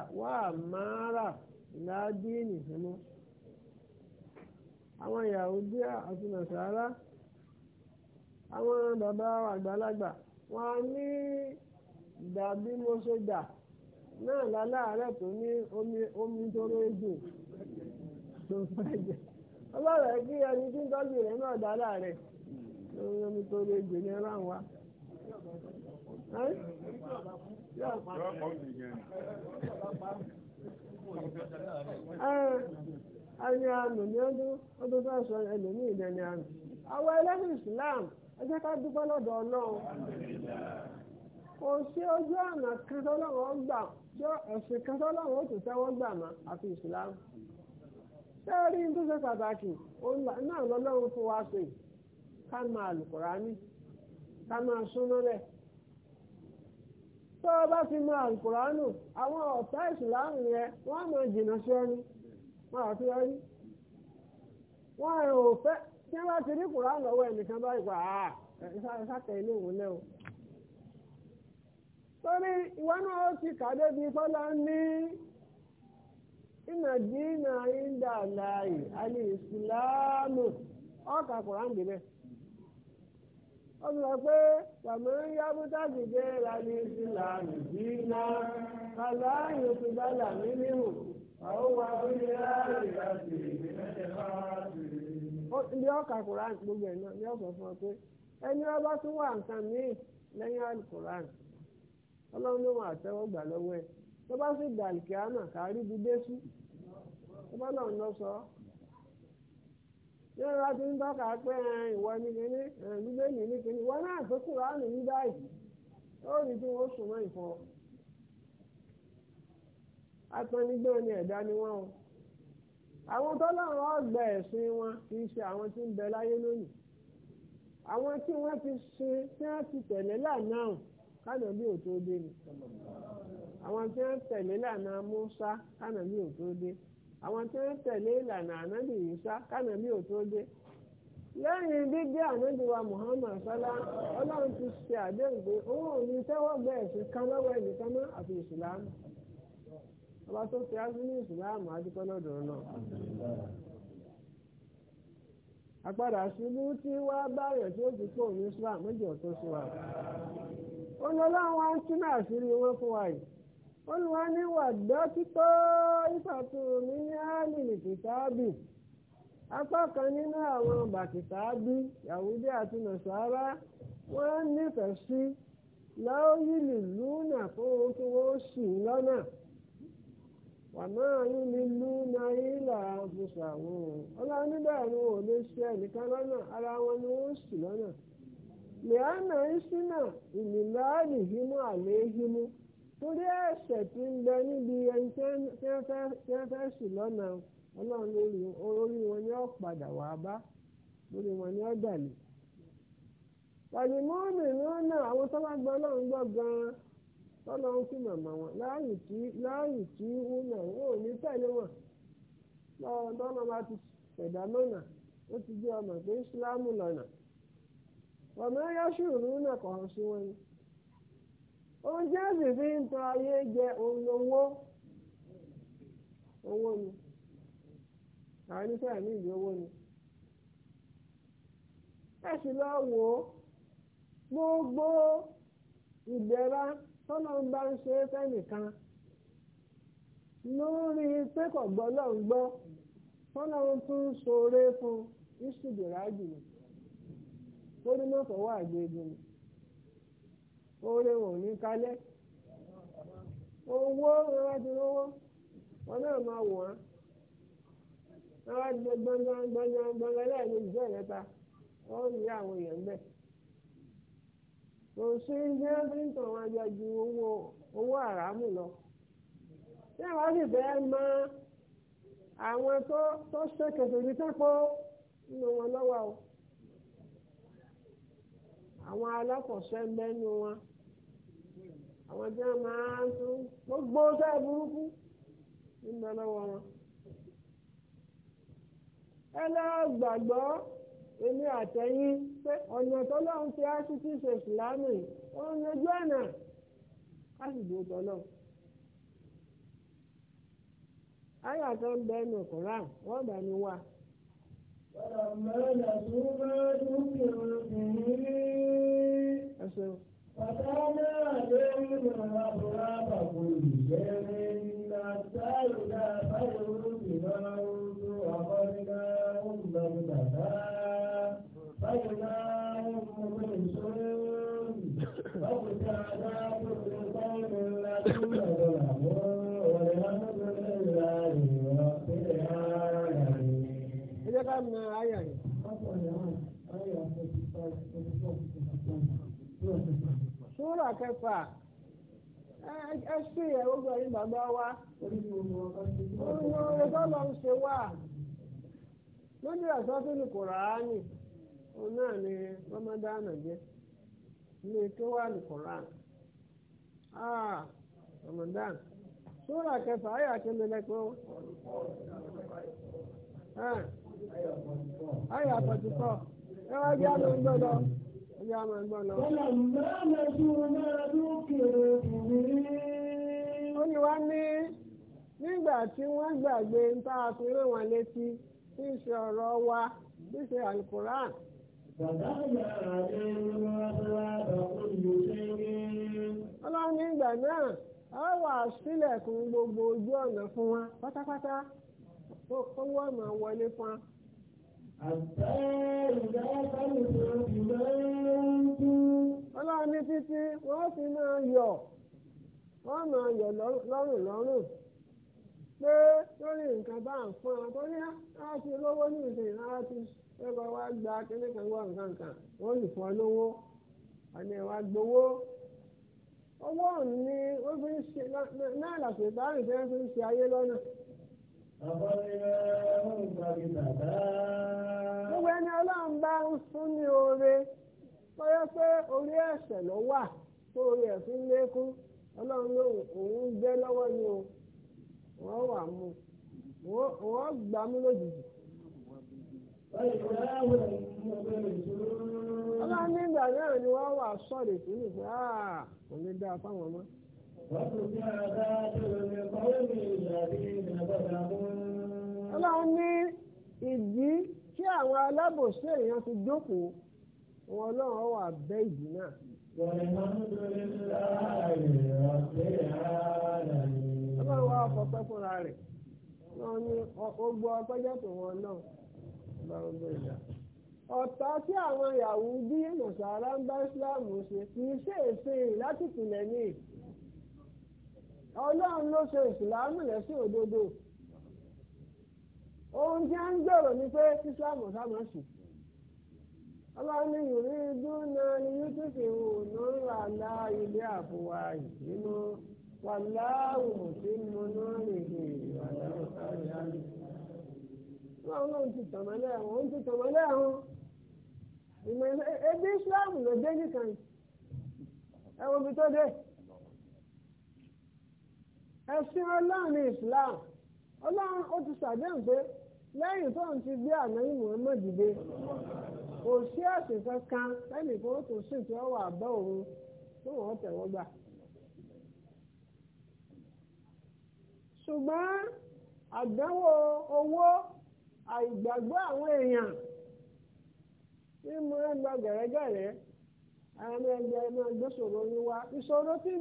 àwọn Yahudi àti Nasara àwọn bàbá àgbàlagbà wọn ní dàbí mo náà láláàárẹ̀ tó omi tó lóògùn tó fẹ́ jẹ kí ẹni tí ń tọ́jú rẹ̀ náà dá láàárẹ̀ lórí omi tó lóògùn ní wa. Ẹ anya àmì ní ọdún ọdún tó niile na ìdẹni àmì àwọn Islam ẹ jẹ́ ká dúpẹ́ ojú ọ̀nà kan tọ́lọ́run ó gbà tí ẹ̀sìn kan tọ́lọ́run ó Islam sẹ́ẹ̀rí tó pàtàkì náà lọ́lọ́run fún wa sí ká máa ká máa tó o bá máa àwọn ọ̀tá wọn àti wọ́n wọn ò fẹ́ tí wọ́n bá ti rí kùrán lọ́wọ́ ẹnìkan báyìí pa á sákẹ́ ilé ìwò náà torí ìwọ náà ó ti kàdé bíi fọlá ní ìnàdínà ìdàláyè alẹ́ ìsìláàmù ọkà kùrán ó sọ pé ìlànà dínà Ibi ọkà Kùrán gbogbo ẹ̀ náà ni ọ̀sọ̀ fún ọ pé ọba tún wà nǹkan míì lẹ́yìn alukùrán ọlọ́run ló máa tẹ́wọ́ gbà lọ́wọ́ ẹ̀ tó bá sì gbà àlùkìámà kárí bu désù tó bá ni ni na apanigbọ́n ni ẹ̀dá ni wọ́n o àwọn tọ́lọ́run ọgbà ẹ̀sìn wọn kì í ṣe àwọn tí ń bẹ láyé lónìí àwọn tí wọ́n ti ṣe tí wọ́n ti tẹ̀lé lànà kánàbí ò tó dé ni àwọn tí wọ́n tẹ̀lé lànà Mùsá kánàbí ò tó dé àwọn tí wọ́n tẹ̀lé ìlànà ànábì ọlọ́run ti ṣe àdéhùn pé òun ò ní tẹ́wọ́ ọba tó fi ágbínú ìsìláàmù adúpẹ́ lọ́dọ̀ náà àpadà ṣubú tí wá báyọ̀ tí ó ti kó ní islam méjì ọ̀tún sí wa ó ń túnú àṣírí owó fún wa yìí ó ní wá ní títọ́ ìfàtúrò ní ní áàlìlì apá kan nínú àwọn bàkìtàábì yahudi àti nàṣàrà wọ́n nífẹ̀ẹ́ sí lúnà fún owó tí wọ́n sì lọ́nà wàmọ́ ayé mi lú náírà ìlà àbùsà wọn ọlọ́run nígbà wọn ò lọ́nà ara wọn ni wọ́n sì lọ́nà lẹ́ánà ìsínà torí ẹ̀ṣẹ̀ tí ń bẹ níbi ẹni sì lọ́nà ọlọ́run wọn ni ó padà bá lórí wọn ni ó dàlẹ̀ pàdé mọ́ọ̀mì náà àwọn ọlọ́run gbọ́ tọ́lọ́run sí màmá wọn láàyè tí láàyè tí wúnà wọn ò ní tẹ̀lé wọn lọ́wọ́ tọ́lọ́ bá ti ṣẹ̀dá lọ́nà ó ti jẹ́ ọmọ pé ìsìlámù lọ́nà ọ̀nà náà kọ̀ ọ́ sí wọn ni bìbí ń tọ́ ayé jẹ ni àwọn oníṣẹ́ ìlú owó ni ẹ sì gbogbo tọ́lọ́ bá ń ṣe é fẹ́nìkan lórí pé kò gbọ́ lọ́n gbọ́ tọ́lọ́ tún ṣoore fún ní wà gbégi oore wọn ní owó ẹwà ti rówó wọn náà máa wọ̀ án gbọ́ngàn gbọ́ngàn ìjọ ìrẹta wọn àwọn kò sí jẹ́ píntàn wọn yọ ju owó owó àràmù lọ tí àwọn sì fẹ́ mọ àwọn tó tó ṣèkèsè ní tẹ́pọ̀ nínú wọn lọ́wọ́ o àwọn wọn àwọn tí wọ́n máa ń tún èmi àtẹ̀yìn pé ọ̀nà tọ́lọ́run ti á sí tí ṣe ìsìlámù òun lójú ọ̀nà ká sì dúró tó ń bẹ ẹnu Kùránì wọ́n bá ní wá. ọ̀mọ̀lá tó dúkìá náà súrà kẹfà ẹ sí ìyẹ̀wò gbẹ̀yìn bàbá wa òun ọ̀rọ̀ lọ ń ṣe wà lójú ẹ̀sọ́ tó ní kùràánì òun náà ni rọmọdánà jẹ́ ilé tó wà ní kùràánì ah, rọmọdánà súrà kẹfà ayé àtẹlẹlẹpẹ ó ah, ayé àpọ̀jùkọ ẹ wá jẹ́ àlọ́ ń ẹjọ́ àmọ́ ẹgbọ́n lọ. Bọ́lá mẹ́rẹ̀ o nígbà tí wọ́n gbàgbé ń tá a fi rán wọn létí tí ń ṣe ọ̀rọ̀ wa tí ń ṣe alukoran. Ọlọ́run ní náà, a wà sílẹ̀kùn gbogbo ojú ọ̀nà fún wa pátápátá. Owó ọ̀nà wọlé fún wa. ọlọ́run ní títí wọ́n sì máa yọ̀ wọ́n máa yọ̀ lọ́rùn lọ́rùn pé lórí nǹkan bá ń fún tó ní lówó ní ìsìn ẹgbẹ́ wa gba kíní kan nǹkan kan wọ́n gbowó owó ọ̀hún ni ó fi ń ṣe náà fi ń ṣe ayé Gbogbo ẹni ọlọ́run bá ń fún ní oore, bóyá pé orí ẹ̀ṣẹ̀ ló wà tó orí ẹ̀sìn lékún, ọlọ́run ló òun gbé lọ́wọ́ ni o, wọ́n wà mú, wọ́n gbà mú lójijì. Ọlọ́run nígbà náà ni wọ́n wà sọ̀rọ̀ ìpínlẹ̀ pé kò ní dáa fáwọn ọmọ. Ọlọ́run ní ìdí tí àwọn alábòsí èèyàn ti jókòó, wọn ọlọ́run wà bẹ́ ìdí náà. Ọlọ́run wá ọ̀pọ̀pẹ́ fúnra rẹ̀. Wọ́n ní ogbó ọpẹ́jọ́ tó wọn náà. Ọlọ́run bẹ̀ ìdá. Ọ̀tá tí àwọn Yahudi Nàṣàrá ń bá Ìsìláàmù ṣe kì í ṣe èsè láti pìlẹ̀ ní ìlú. ọlọ́run ló ṣe ìsìlámù lẹ́sìn òdodo ohun tí a ń gbèrò ni pé islam sábà sùn ọlọ́run ní ni yútùfì ònà ńlá ńlá ilé àbúwá ìdínú wàláwù tí mo ná rèé wàláwù sáyà ní. wọ́n lóun ti tọ̀mọ́lẹ́ ẹ̀hún ó ti tọ̀mọ́lẹ́ ẹ̀hún ìmọ̀ ẹbí islam ló dé nìkan ẹ̀wọ̀n mi ẹ̀sìn ọlọ́run islam ọlọ́run ó ti ṣàdéhùn pé lẹ́yìn ti gbé ànáyìn muhammed dìde kò sí ẹ̀sìn kankan lẹ́yìn tó kò sí tí ó wà bá òun tó wọ́n tẹ̀wọ́ gbà. ṣùgbọ́n àdánwò owó àìgbàgbọ́ àwọn èèyàn mo ń gba gẹ̀rẹ́gẹ̀rẹ́ àwọn ẹgbẹ́ ẹgbẹ́ ìṣòro ni wá ìṣòro tí ń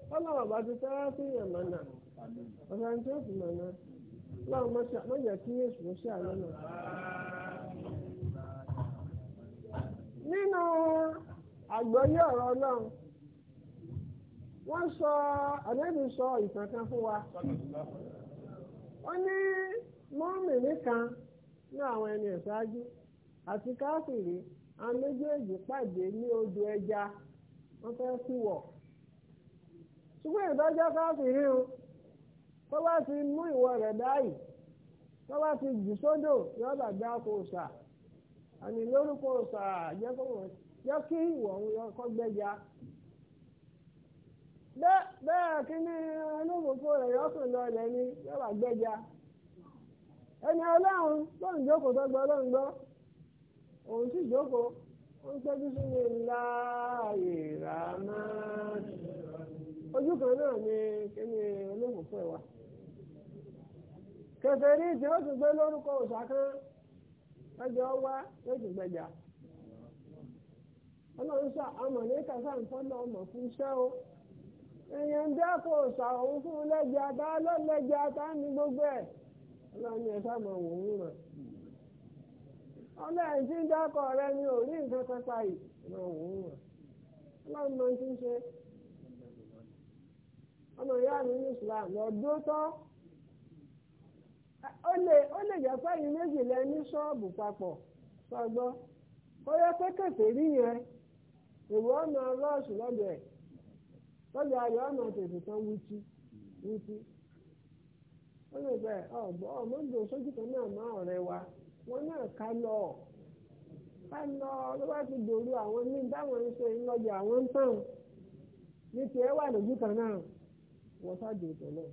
ọlọ́run ọba ti sára sí èèyàn mọ́nà ọ̀sà ní tí ó sì mọ̀nà kí nínú àgbọ́yé ọ̀rọ̀ wọ́n sọ àdébì sọ ìtàn kan fún wa ó ní mọ́mìnì kan ní àwọn ẹni ẹ̀ṣáájú àti káfíìrì wọ́n sí ṣùgbọ́n ìtọ́jọ́ káfíìrì o tó bá ti mú ìwọ rẹ̀ tó ti jù sódò yóò bá gbá kó àmì lórúkọ sà jẹ́ kí ìwọ̀ yọ bẹ́ẹ̀ kí lọ rẹ̀ ni yóò bá ẹni ọlọ́run tó ń jókòó tó gbọ́ ọlọ́run gbọ́ òun sì jókòó ó ń tẹ́jú sí ojú kan náà ni kíni olóògùn fún ẹ wa kèfèrí tí ó tún gbé lórúkọ òòṣà kan lọ́jọ́ wá yóò gbẹjà ní kàfà ń ọmọ fún iṣẹ́ o èèyàn dẹ́kọ̀ òòṣà òun fún ata ní gbogbo ẹ̀ yìí ọlọ́run ọlọ́run ń ọmọ ìyá mi ní islam lọ́dún tọ́ ó lè jẹ́ pé ẹ̀yin méjì lẹ ní ṣọ́ọ̀bù papọ̀ yẹ pé rí yẹn èwo ọmọ rọ́ọ̀sì lọ́dọ̀ ẹ̀ lọ́dọ̀ ayọ̀ ọmọ tètè kan wútí wútí ó lè bẹ̀ ọ̀bọ̀ ọmọ ìdòwò sójú kan náà má ọ̀rẹ́ wa wọn náà ká lọ ká lọ ló bá ti dòru àwọn ní báwọn ń ṣe wọ́n ṣáàjò náà,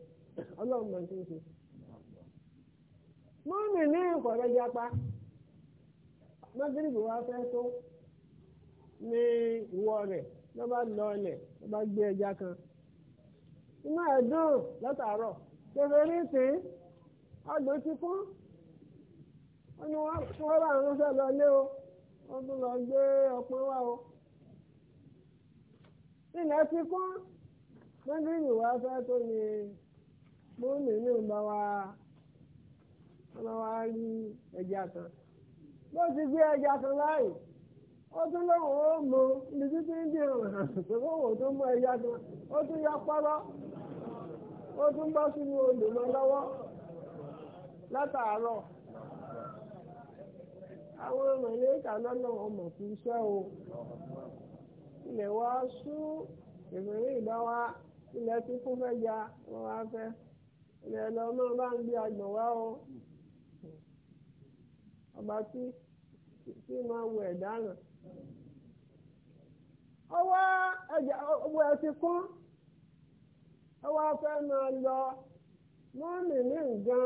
ọlọ́run máa ń ṣe. mọ́mì ní ìkọ̀rẹ́ japa mọ́gírìbì wa fẹ́ tó ní ìwọ rẹ̀ ló bá lọ ọlẹ̀ ló bá gbé ẹja kan inú ẹ̀ látàárọ̀ kébé ní ọdún ti kún ó ní wọ́n bá ránṣẹ́ lọ o wọ́n tún lọ gbé ọpọ́n o ilẹ̀ ti mọ́gírínì wá fẹ́ tó ni mọ́mí ní ìbá wa rí ẹja kan bó ti gbé ẹja kan láàyè ó tún lóun ó mọ ibi títí ń ya pọ́lọ́ ó tún bọ́ sínú odò lọ́wọ́ látàárọ̀ ọmọ o ilẹ̀ wa ilẹ̀ tí kún fẹ́ wọn wá fẹ́ ilẹ̀ lọ náà bá ń gbé àgbọ̀n wá o ọba tí tí máa wọ ẹ̀dá ọwọ́ ẹ̀jẹ̀ ọwọ́ ẹ̀ ti kún na máa lọ wọ́n ní nǹkan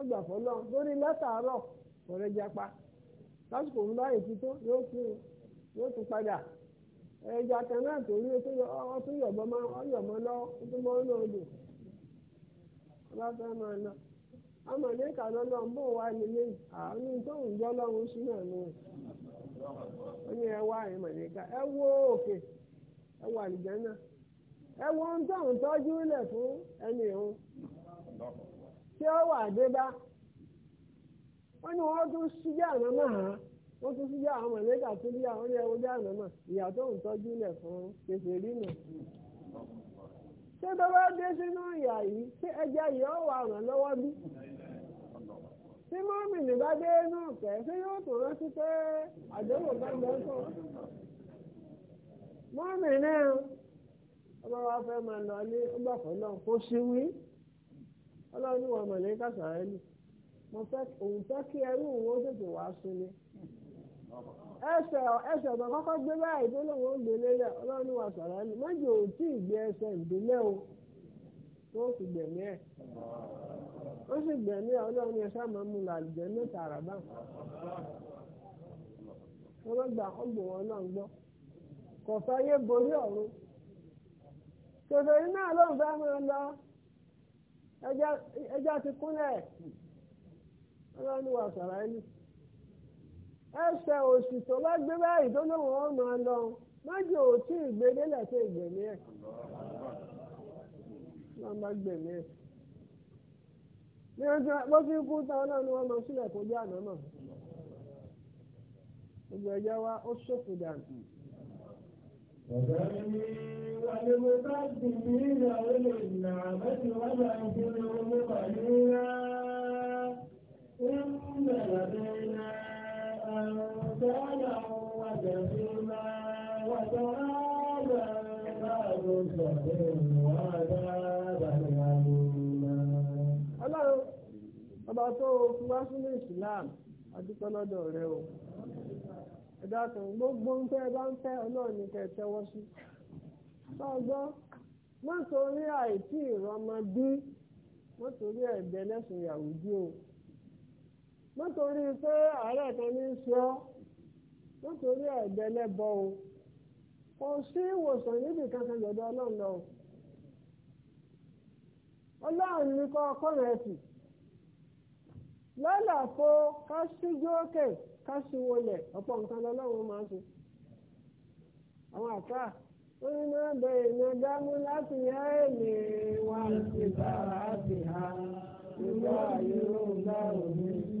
ọjà fọlọ́ lórí látàárọ̀ kò rẹ̀ ẹja kan náà tó rí ọtún yọ̀bọ máa lò ọba fẹ́ máa lọ. ọmọ ní ìkàlọ́ náà ń bọ̀ wá nílé àánú tó ń gbọ́ lọ́hún sí náà nù. ó ní ẹ wá ẹ mọ̀lẹ́ka ẹ wo òkè ẹ wà náà ẹ ń tọ́jú lẹ̀ fún ẹni ó tún sí yá àwọn mọ̀lẹ́kà tó bí àwọn ilé ẹwọ́jà ànámà ìyá tó ń tọ́jú ilẹ̀ fún kèsè rínà. ṣé tó bá dé sínú ìyá yìí ṣé ẹja yìí ó wà ràn lọ́wọ́ bí? tí mọ́mì ní bá dé náà kẹ́ ṣé yóò tún rántí pé àdéhùn bá gbọ́ sọ. mọ́mì náà ọba wa fẹ́ máa lọ ní ọgbàfọ́ náà kó sí wí ọlọ́run ní wọn mọ̀lẹ́kà sàrẹ́lì mo fẹ́ òun fẹ́ kí ẹrú òun ó tètè wá sílé. ẹsẹ̀ ẹsẹ̀ tó kọ́kọ́ gbé báyìí tó lòun ó ọlọ́run sọ̀rọ̀ ẹni ò tí ì gbé ẹsẹ̀ o tó sì gbẹ̀mí ẹ̀ ó sì gbẹ̀mí ẹ̀ ọlọ́run ẹ̀ sá máa mú un làlùjẹ́ ní tààrà báwọn. wọ́n gbà ọgbọ̀n wọn náà gbọ́ kò fẹ́yé borí ọ̀run náà fẹ́ máa lọ ti kúnlẹ̀ ọlọ́run sọ̀rọ̀ ẹni. ẹsẹ̀ òsì tó bá gbé báyìí tó lóun ó máa lọ mọ́jì ò tí ì gbé délẹ̀ tó ìgbèmí ẹ̀ wọ́n bá gbèmí ẹ̀ bó ti kú táwọn náà ni wọ́n lọ sílẹ̀ kó jẹ́ àná náà gbogbo ẹ̀jẹ̀ wa ó ṣòfò dànù. والمكذبين أولي النعمة وبشر المقلين إن لدينا بايعا ọba tó fi wá sínú ìsìláàmù adúpẹ́ lọ́dọ̀ rẹ o ẹ̀dá kan gbogbo ń fẹ́ bá ń fẹ́ sí mọ́tò orí ìrọmọdé mọ́tò orí ẹ̀bẹ̀ lẹ́sùn ìyàwó o. nítorí pé àárẹ̀ kan ní í ṣe ọ́ nítorí o kò sí ìwòsàn níbi kankan lọ́dọ̀ ọlọ́run lọ ọlọ́run ní kọ́ ọkọ́rin ẹ̀sìn lọ́làfo ká síjú òkè ká sí wọlé ọ̀pọ̀ nǹkan lọ́lọ́run máa ń ṣe àwọn àfáà Orin bẹ̀rẹ̀ dámú láti yá ha. dá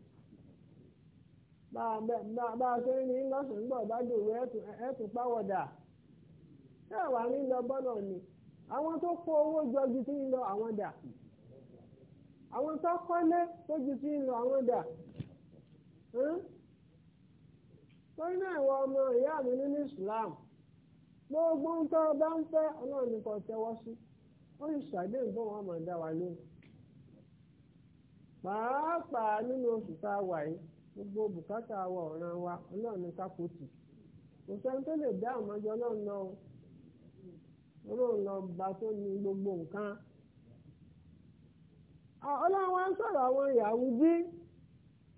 bá a ṣe ń ní lọ́sùn ń bọ̀ bá dòwe páwọ̀dà ṣé àwa ní lọ bọ́lọ̀ ni àwọn tó kó owó jọ tí ń lọ àwọn dà àwọn tó kọ́lé tó tí ń lọ àwọn dà gbogbo ń tọ́ bá ń fẹ́ tẹ́wọ́ sí ó sì wọn máa dá wa lóhùn pàápàá nínú gbogbo bùkátà wa ọ̀ràn wa ọlọ́run ní kápótì kò sẹ́ni tó lè dá àmọ́jọ ọlọ́run lọ ọlọ́run lọ bá tó ní gbogbo nǹkan. ọlọ́run wa ń sọ̀rọ̀ àwọn ìyàwó bí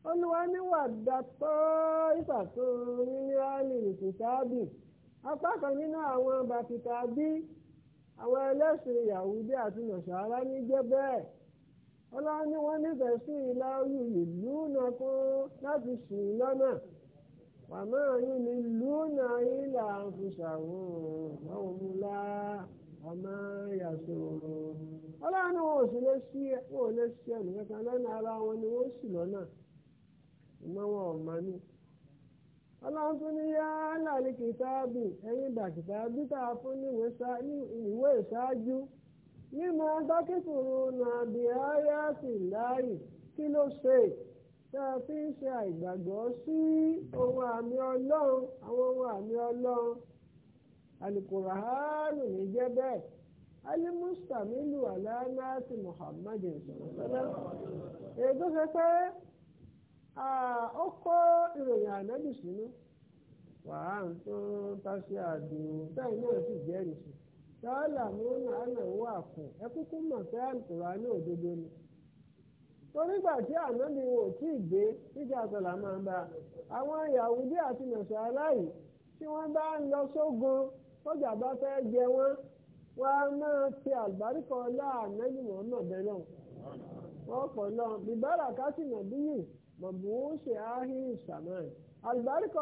olúwa níwà dàtọ́ ìfàtún mínírààlì ìfìsáàbì apá kan nínú àwọn bàtìkà bí àwọn ẹlẹ́sìn ìyàwó bí àti nàṣàrà ní jẹ́ bẹ́ẹ̀ ọlọ́run ni wọ́n nífẹ̀ẹ́ sí ìlàrú ìlú náà fún láti ṣì lọ́nà wàmọ́ yìí ni ìlú náà ìlà àfúṣàwọ̀ ọ̀hún ńlá ọmọ yàtọ̀rọ̀ ọlọ́run ni wọn ò sì lè ṣí wọn ò lè ṣí ẹnìkan kan lọ́nà ara wọn ni wọ́n ṣì lọ́nà ìmọ̀ wọn ò mọ̀ ní. ọlọ́run tún ní yá láàrin kìtàbù ẹ̀yìn ìgbà kìtàbù tá a fún ní ìwé mímọ dọkịta na ayáàtì láàyè kí ló ṣe tá a fi ń ṣe àìgbàgbọ́ sí ohun àmì ọlọ́run àwọn ohun àmì ọlọ́run alukurahánu ní jẹ́ bẹ́ẹ̀ alimusamilu alamasi muhammad sọlá èdè pẹpẹ ó kó ìròyìn ànábì wàá tó tásí àdùn táyì náà sì jẹ́rìí sí. sọ́ọ́là múnà ọ̀nà wà fún ẹ kúkú mọ̀ pé àlùkùránì òdodo ni. torígbà tí ni wò tí ì gbé jíjà sọ̀là máa ń bá àwọn Yàhúdí àti Nàsárà yìí tí wọ́n bá ń lọ sógun kọjá bá fẹ́ jẹ wọ́n wọ́n á máa ti àlùbáríkọ láàánẹ́lì mọ́nà bẹ́lọ̀ wọ́n pọ̀ náà bìbára kásìmọ̀ bíyì mọ̀bùn ó ṣe áhìn àlùbáríkọ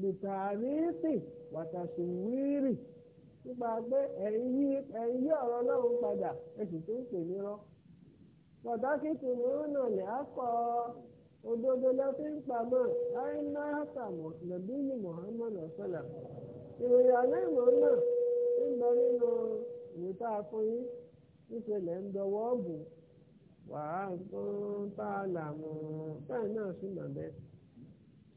lìtàríìsì wàtàṣùwírì nípa pé ẹ̀yìn ọ̀rọ̀ ọlọ́run padà èsì tó ń pè ní rán pàtàkì tòun náà lè á kọ òdodo lọ fi ń pamọ́ àìná àtàmọ̀ nàbí ní Muhammad ọ̀sọ́là ìròyìn aláìmọ̀ náà ń bẹ nínú fún yín níṣẹ̀lẹ̀ ń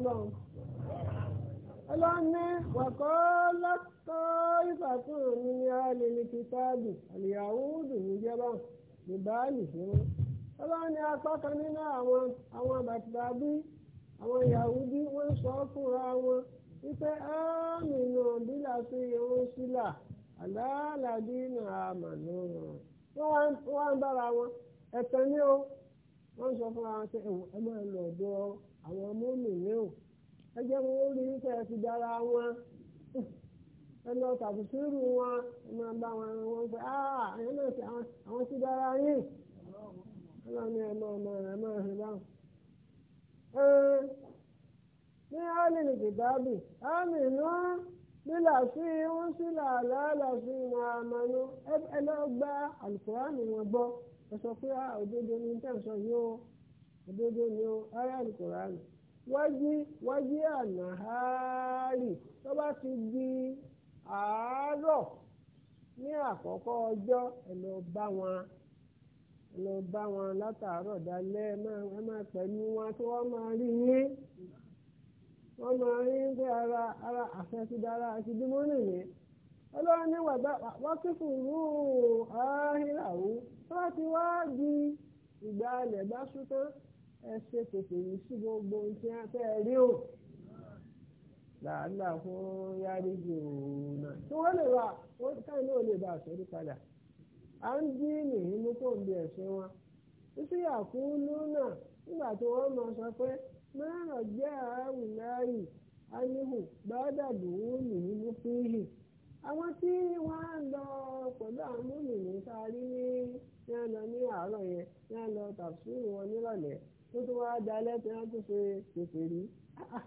ọlọ́run ọlọ́run ní wàkọ́ lọ́tọ́ ìfàkùn mi ní alìlì kìtàbì àlìyàwóòdù níjọba ìbáàlì fún ọlọ́run ní apá kan nínú àwọn àwọn bàtìbàbí àwọn yahudi wọ́n sọ fúnra wọn wípé áàmì náà bílà sí ewu sílà àlàálàdínà àmàlú wọn wọ́n ń bára wọn ẹ̀tàn ni ó wọ́n sọ fún àwọn ṣẹ́wọ̀n ẹ máa lọ ọ̀dọ̀ àwọn mọ́mì mìíràn ẹ jẹ́ wọn ó rí nípa ẹ ti dára wọn ẹ lọ tàbùsírù wọn ẹ máa bá wọn wọn pé àyẹ̀ ah, náà ti àwọn ti dára yín ọlọ́ni ẹ máa mọ ẹ máa hàn báwọn. ní alìlì kìtàbì àmì náà nílà sí wọn sílà àlàálà sí ìmọ̀ àmọ́ ẹ lọ gba àlùkò àmì wọn gbọ́. ẹ sọ pé a ah, òdodo ni tẹ̀sán yìí ó òdodo ni ó ara àlùkòránù wájí wájí ànàhárì tó bá ti di àárọ̀ ní àkọ́kọ́ ọjọ́ ẹ lọ bá wọn ẹ lọ bá wọn látàárọ̀ dalẹ́ ẹ máa pẹ̀lú wọn tí wọ́n máa rí yín ara ara àfẹ́sídára àti bímọ ọlọ́run ní wákìfù rúù áhíràwó tó bá ti wá di ìgbà alẹ̀ bá sún tán ẹ ṣe pèsè yìí sí gbogbo ti tí wọ́n rí o làálàá fún yárí ju náà tí wọ́n lè wà káyọ̀ náà lè bá padà à ń nìyí mú kó ń wọn àkúlú náà nígbà tí wọ́n sọ pé láàyè bá dàbí wọ́n nìyí mú àwọn tí wọ́n á lọ pẹ̀lú àwọn múlùmí tá a rí ní ní wọ́n lọ ní àárọ̀ yẹn ní wọ́n lọ tàbísírù wọn nírọ̀lẹ́ tó tún wáá dalẹ́ tí wọ́n tún ṣe pèsè rí ah, ah,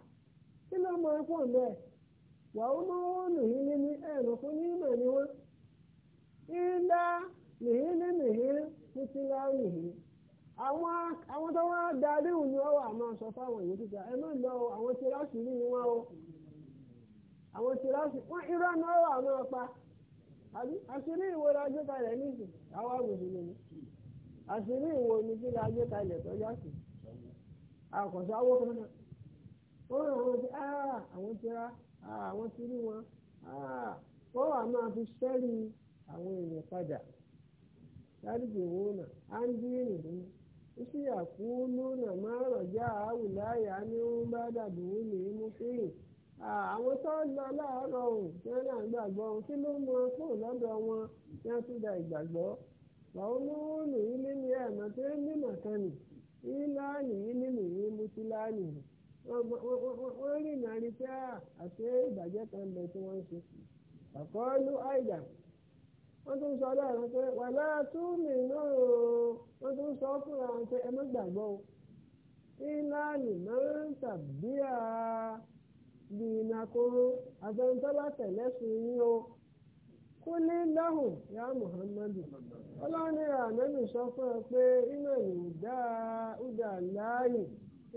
kí ló mọ ikú ọ̀bẹ wàá mọ wọn nìyí nínú ẹ̀rọ fún nímọ̀ ni wọ́n ńlá nìyí nìyí mutila nìyí àwọn àwọn tó wá darí òun ni wọ́n wà máa sọ fáwọn èyí ẹ má lọ àwọn tí láṣìírí ni wọ́n o. àwọn ìṣèlásì wọn irọ́ náà wà máa pa la gbé kalẹ̀ nísìn àwa àṣírí sí awọ kan náà wọn ràn wọn sí àwọn tira àwọn wọn wà máa fi sẹ́rí àwọn èèyàn padà sáríkì ìwo náà á ń dín ìrìn isi àkúlù náà máa rọ̀ já àwùláyà ní ń bá dàbí mú kéyìn. àwọn tó ń lọ láàárọ̀ ohun tí wọ́n náà gbàgbọ́ ohun kí ló mú wọn kúrò lọ́dọ̀ wọn ní wọ́n ti da ìgbàgbọ́ nínú ẹ̀ mọ̀ tí ń mímọ̀ kan yín láàánì yín nínú yín mú sí láàánì wọ́n rí ìnáàrí pé àṣé ìbàjẹ́ kan tí wọ́n ń ṣe àìdà wọ́n tún sọ lọ́rùn pé wà lára túmì náà bí iná kóró àfẹnusọ́lá tẹ̀lé sùn yín o kú ní lọ́hùn ya muhammadu ọlọ́ni ànábì sọ fún ọ pé iná yìí láàyè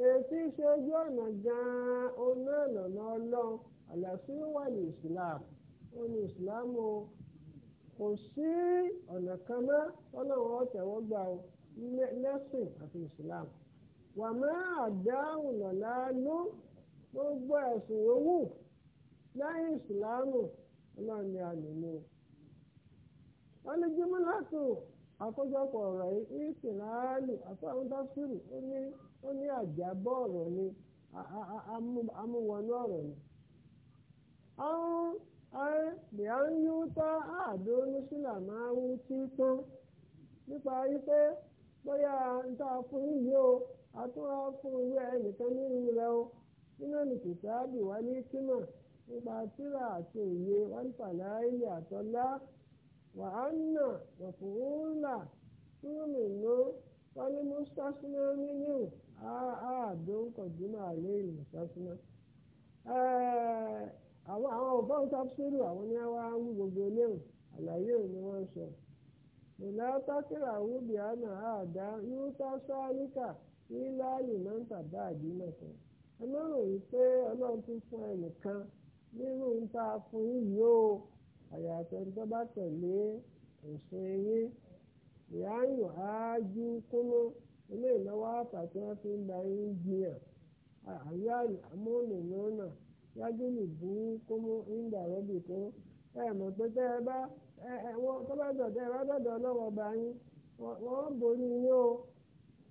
èsì ọ̀nà gan-an ìlànà ọlọ́run wà ní islam sí ọ̀nà kan mọ́ ọlọ́run ọ̀tẹ̀wọ́ o lẹ́sìn àti islam wàmọ́ àdáhùn lọ́la ló gbogbo ẹ̀sùn owó lẹ́yìn ìsìláàmù ọlọ́run ni a wọ́n ní àkójọpọ̀ ọ̀rọ̀ yìí ìsìláàmù ó ní àjábọ̀ ọ̀rọ̀ ni amúwọnú ọ̀rọ̀ ni. àwọn ẹ̀ ń tá máa ń tí tán nípa bóyá a fún yìí o a fún ẹnìkan nínú sínú kìtàbù wá ní kímọ̀ nípa síra àti òye wọn fàlà ilé àtọ́lá wà á nà ló wọn ní mustachina nínú àádó àlẹ́ ìlú mustachina. àwọn àwọn òbọ̀n tábsírù àwọn ní wá ń gbogbo eléwò àlàyé ò ní wọ́n sọ. ìlà wúbi àná ní láàyè tàbá Ọ má rò yí pé ọlọ́run tún fún ẹnìkan nínú ń tá a fún yín yìí o àyàfẹ́ tó bá tẹ̀lé òfin yín ìyáyùn áájú kúnú ilé ìnáwó àtàtì wọn fi ń da yín jiyàn àyáyùn yájú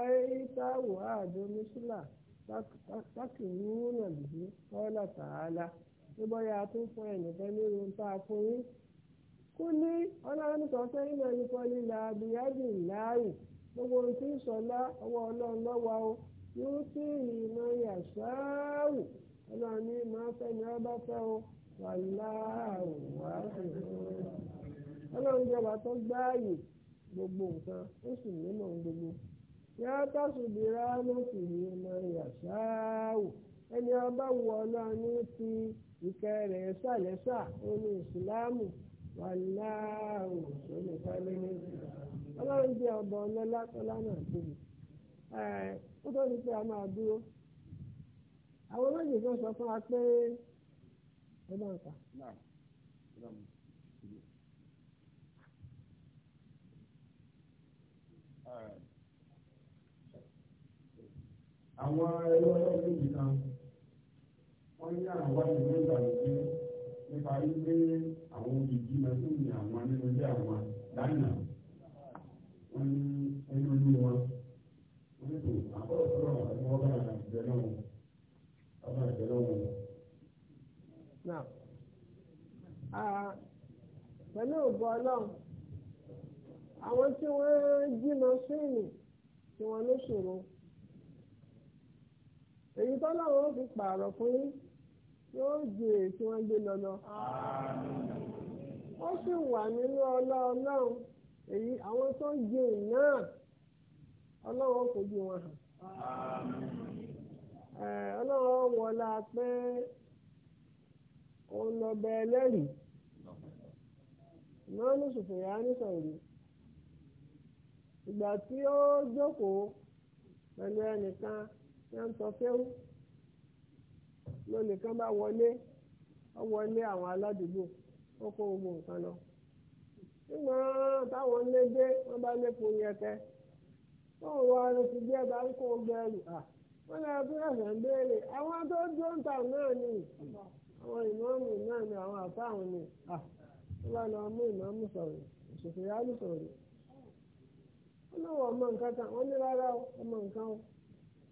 àìsàwò àdó mísílà lákìrúnà bìbí kọ́lá tààlà ní bóyá a tún fún ẹnìkan ní ohun tá a fún yín kú ní ọlọ́run kan sẹ́yìn náà ní kọ́lí la abiyadi láàyè gbogbo ohun tí ń sọlá ọwọ́ ọlọ́run lọ́wọ́ o yóò tí ì mọ yàsáàwù máa fẹ́ ni wọ́n bá fẹ́ o wàláàwù wàásù ọlọ́run jọba tó gbáàyè gbogbo nǹkan ó sì nímọ̀ gbogbo. yàtọ̀ bìrà ló sì ní mọ yàtsáwò ẹni ọba wù náà ní ti ìkẹ́ rẹ̀ sàlẹ́sà nínú ìsìláàmù wà láàrùn sólè sálẹ́ ọlọ́run jẹ́ ọba ọlọ́lá tọ́lá náà tóbi ó tó di pé a máa dúró àwọn méjì àwọn ẹlọ ọlọ́run méjì kan wọ́n ní àwọn ìwé ìgbàlódé nípa wípé àwọn ìjì máa tún ní àwọn nínú ilé àwọn lánàá wọ́n ní ẹnu ní wọn wọ́n ní tò àbọ̀rọ̀ sọ̀rọ̀ àwọn ọmọ ọba àgbẹ̀ náà ọba àgbẹ̀ náà wọn. pẹ̀lú ògbọ́ ọlọ́run àwọn tí wọ́n jí máa sún ìlú tí wọ́n ló ṣòro. èyí tọ́lọ́wọ́ fi pààrọ̀ fún yín yóò ju èyí tí wọ́n gbé lọ ó sì wà nínú ọlọ́ọ̀lọ́run èyí àwọn tó ń náà ọlọ́wọ́ kò ju wọn hàn. ọlọ́wọ́ wọlá pé òun lọ bẹ ẹlẹ́rìí ní wọ́n ń sọ fẹ́rú lónìí kan bá wọlé wọ́n wọlé àwọn aládùúgbò wọ́n kó gbogbo nǹkan lọ. ṣùgbọ́n táwọn ń lé wọ́n bá lépo yẹkẹ wọ́n wọ aró ti jẹ́ bá ń kó à wọ́n lọ bí ẹ̀sẹ̀ ń béèrè àwọn tó dó ń tà náà ni àwọn ìmọ̀ọ́mù náà ni àwọn ni à wọ́n bá lọ mú ìmọ̀ọ́mù sọ̀rọ̀ òṣèṣe yálù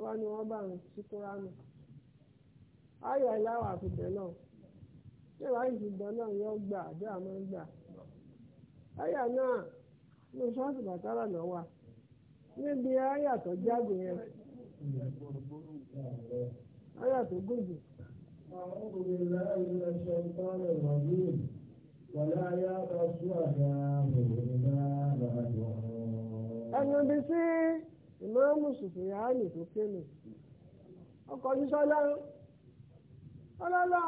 Ọba ní wọ́n bá rìn sí kúránù ayọ̀ ìláwà àfìbẹ̀ náà níwáyé ìfìbẹ̀ náà yọ gbà àjọ àmọ́ gbà ayọ̀ náà ní sọ́ọ̀sì bàtàrà náà wà níbi ayọ̀ tó jáde yẹn ayọ̀ tó gòjì. أعوذ بالله من الشيطان الرجيم ولا يأبى الشهداء ẹnu bí sí. ìmáàmù sùfìyàánì tó kéènì ọkọ̀ yíṣọ́lá ọlọ́lá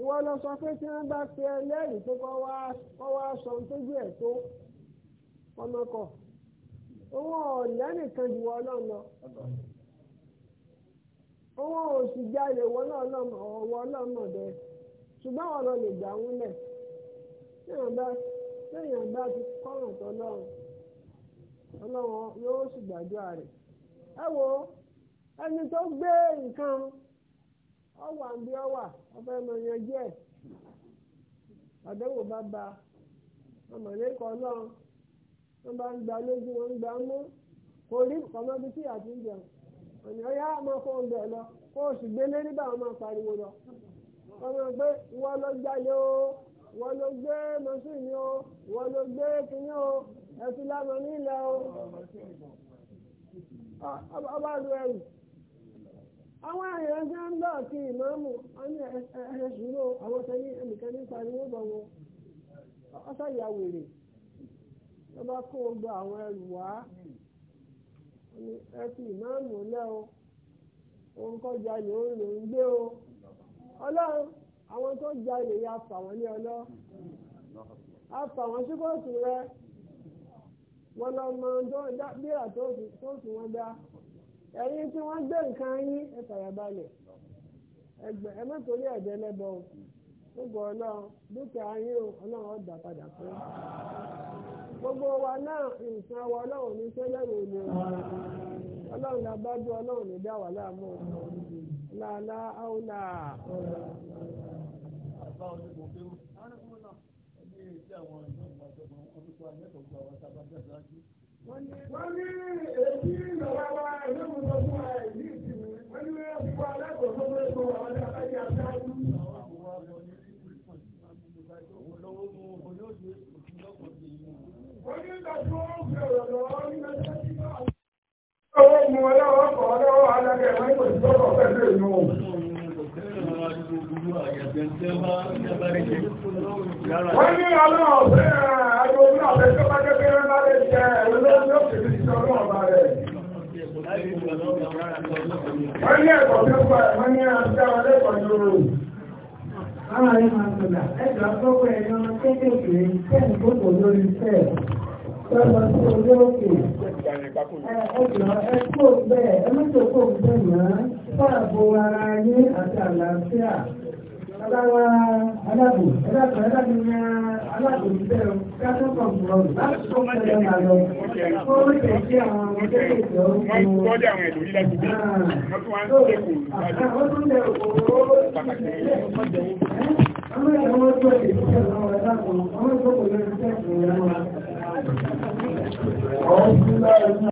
ìwọ lọ sọ pé tí wọ́n bá pe ẹlẹ́rìí pé kọ́ wá sọ tójú ẹ̀ tó ọmọkọ̀ owó ọ̀lẹ́ nìkan ju wọn náà lọ owó òsì jáde wọn náà lọ́mọ ọ̀wọ́ lọ́mọ bẹ́ẹ̀ ṣùgbọ́n wọn lọ lè gbà wọn lẹ̀ téèyàn bá ti kọ́ràn tọ́lọ́run. ọlọ́wọ́ yóò sì gbàdúrà rẹ̀ ẹ wo ẹni tó gbé nǹkan ọwà bí ọwà ọfẹ́ mọ yanjú àdéhùn bá ba ọmọlẹ́kọ̀ọ́ ọlọ́run wọ́n bá ń gba lójú wọn ń gba mú kò rí tí àti ń jẹun o sì pariwo lọ ọmọ wọ́n ló gbé mọ́ṣíìnì o wọ́n ló gbé kínní o ẹtí lámọ nílẹ̀ o ọba lu ẹrù àwọn èèyàn jẹ́ ń lọ kí ìmáàmù ọ́nì ẹ̀ṣẹ̀ ṣùgbọ́n àwọn tẹ́lẹ̀ ẹnìkan nípa ni wọ́n bọ̀ wọn ọ́sà ìyá wèrè bá kó àwọn wá lẹ́ o kọjá yòó gbé o ọlọ́run. àwọn tó jalè ya fà wọ́n ní ọlọ́ a fà wọ́n sí kóòtù rẹ wọ́n lọ mọ bíra tó fi wọ́n dá ẹ̀yin tí wọ́n gbé nǹkan yín ẹ fàyàbalẹ̀ ẹgbẹ́ ẹ má torí ẹ̀jẹ̀ lẹ́bọ̀ gbogbo dúkìá yín o ọlọ́run ọ̀dà padà gbogbo wa náà nǹkan wa ọlọ́run ní sẹ́lẹ̀rù ni ọlọ́run la bá dún ọlọ́run ní dá wà láàmú bá wọn lóko pé ó àwọn ọmọ náà ẹni èyí àwọn ìjọ ìgbà tó kàn wọn fi kó akẹ́kọ̀ọ́ gba àwọn sábà wọ́n ní èyí ìjọba wa ìlú sọ fún wa ìlú wọ́n ní wọ́n fi kó akẹ́kọ̀ọ́ tó fẹ́ kó àwọn sábà jẹ́ sáájú. wọ́n ní ìgbà tó ń fẹ̀rẹ̀ lọ́wọ́ nígbà tó ń bá àwọn. ọwọ́ mu ọlọ́wọ́ kọ̀ ọlọ́wọ́ alága ẹ̀wọ̀n ìgbà tó ń bá bẹ́ẹ̀ nù. Wọ́n ní àwọn ọ̀fẹ́ àjò ní ọ̀fẹ́ tó bá jẹ́ pé wọ́n bá lè jẹ́ ẹ̀rọ lọ́wọ́ òṣèlú ìṣọ́rọ̀ ọ̀bá rẹ̀. Wọ́n ní ẹ̀kọ́ tó pa ẹ̀mọ́ ní àjá ọlẹ́kọ̀ọ́ lóró. Àwọn àrẹ máa sọ̀dà, ẹ̀dọ̀ àkọ́kọ́ ẹ̀yọ́ kéékèèké tẹ́ẹ̀ tó kò lórí tẹ́ẹ̀. Tọ́lọ sí olóòkè. Ẹ̀ẹ̀kọ́ bẹ́ẹ̀, ẹmọ́tò kò bẹ́ẹ̀ náà fún ààbò ara ayé àti àlàáfíà aláwa aláàbò aláàbò aláàbò ní aláàbò ìbẹ̀rù kátó kọ̀ǹtùrọ̀ láti tó mẹ́jọ máa lọ kó ó jẹ́ kí àwọn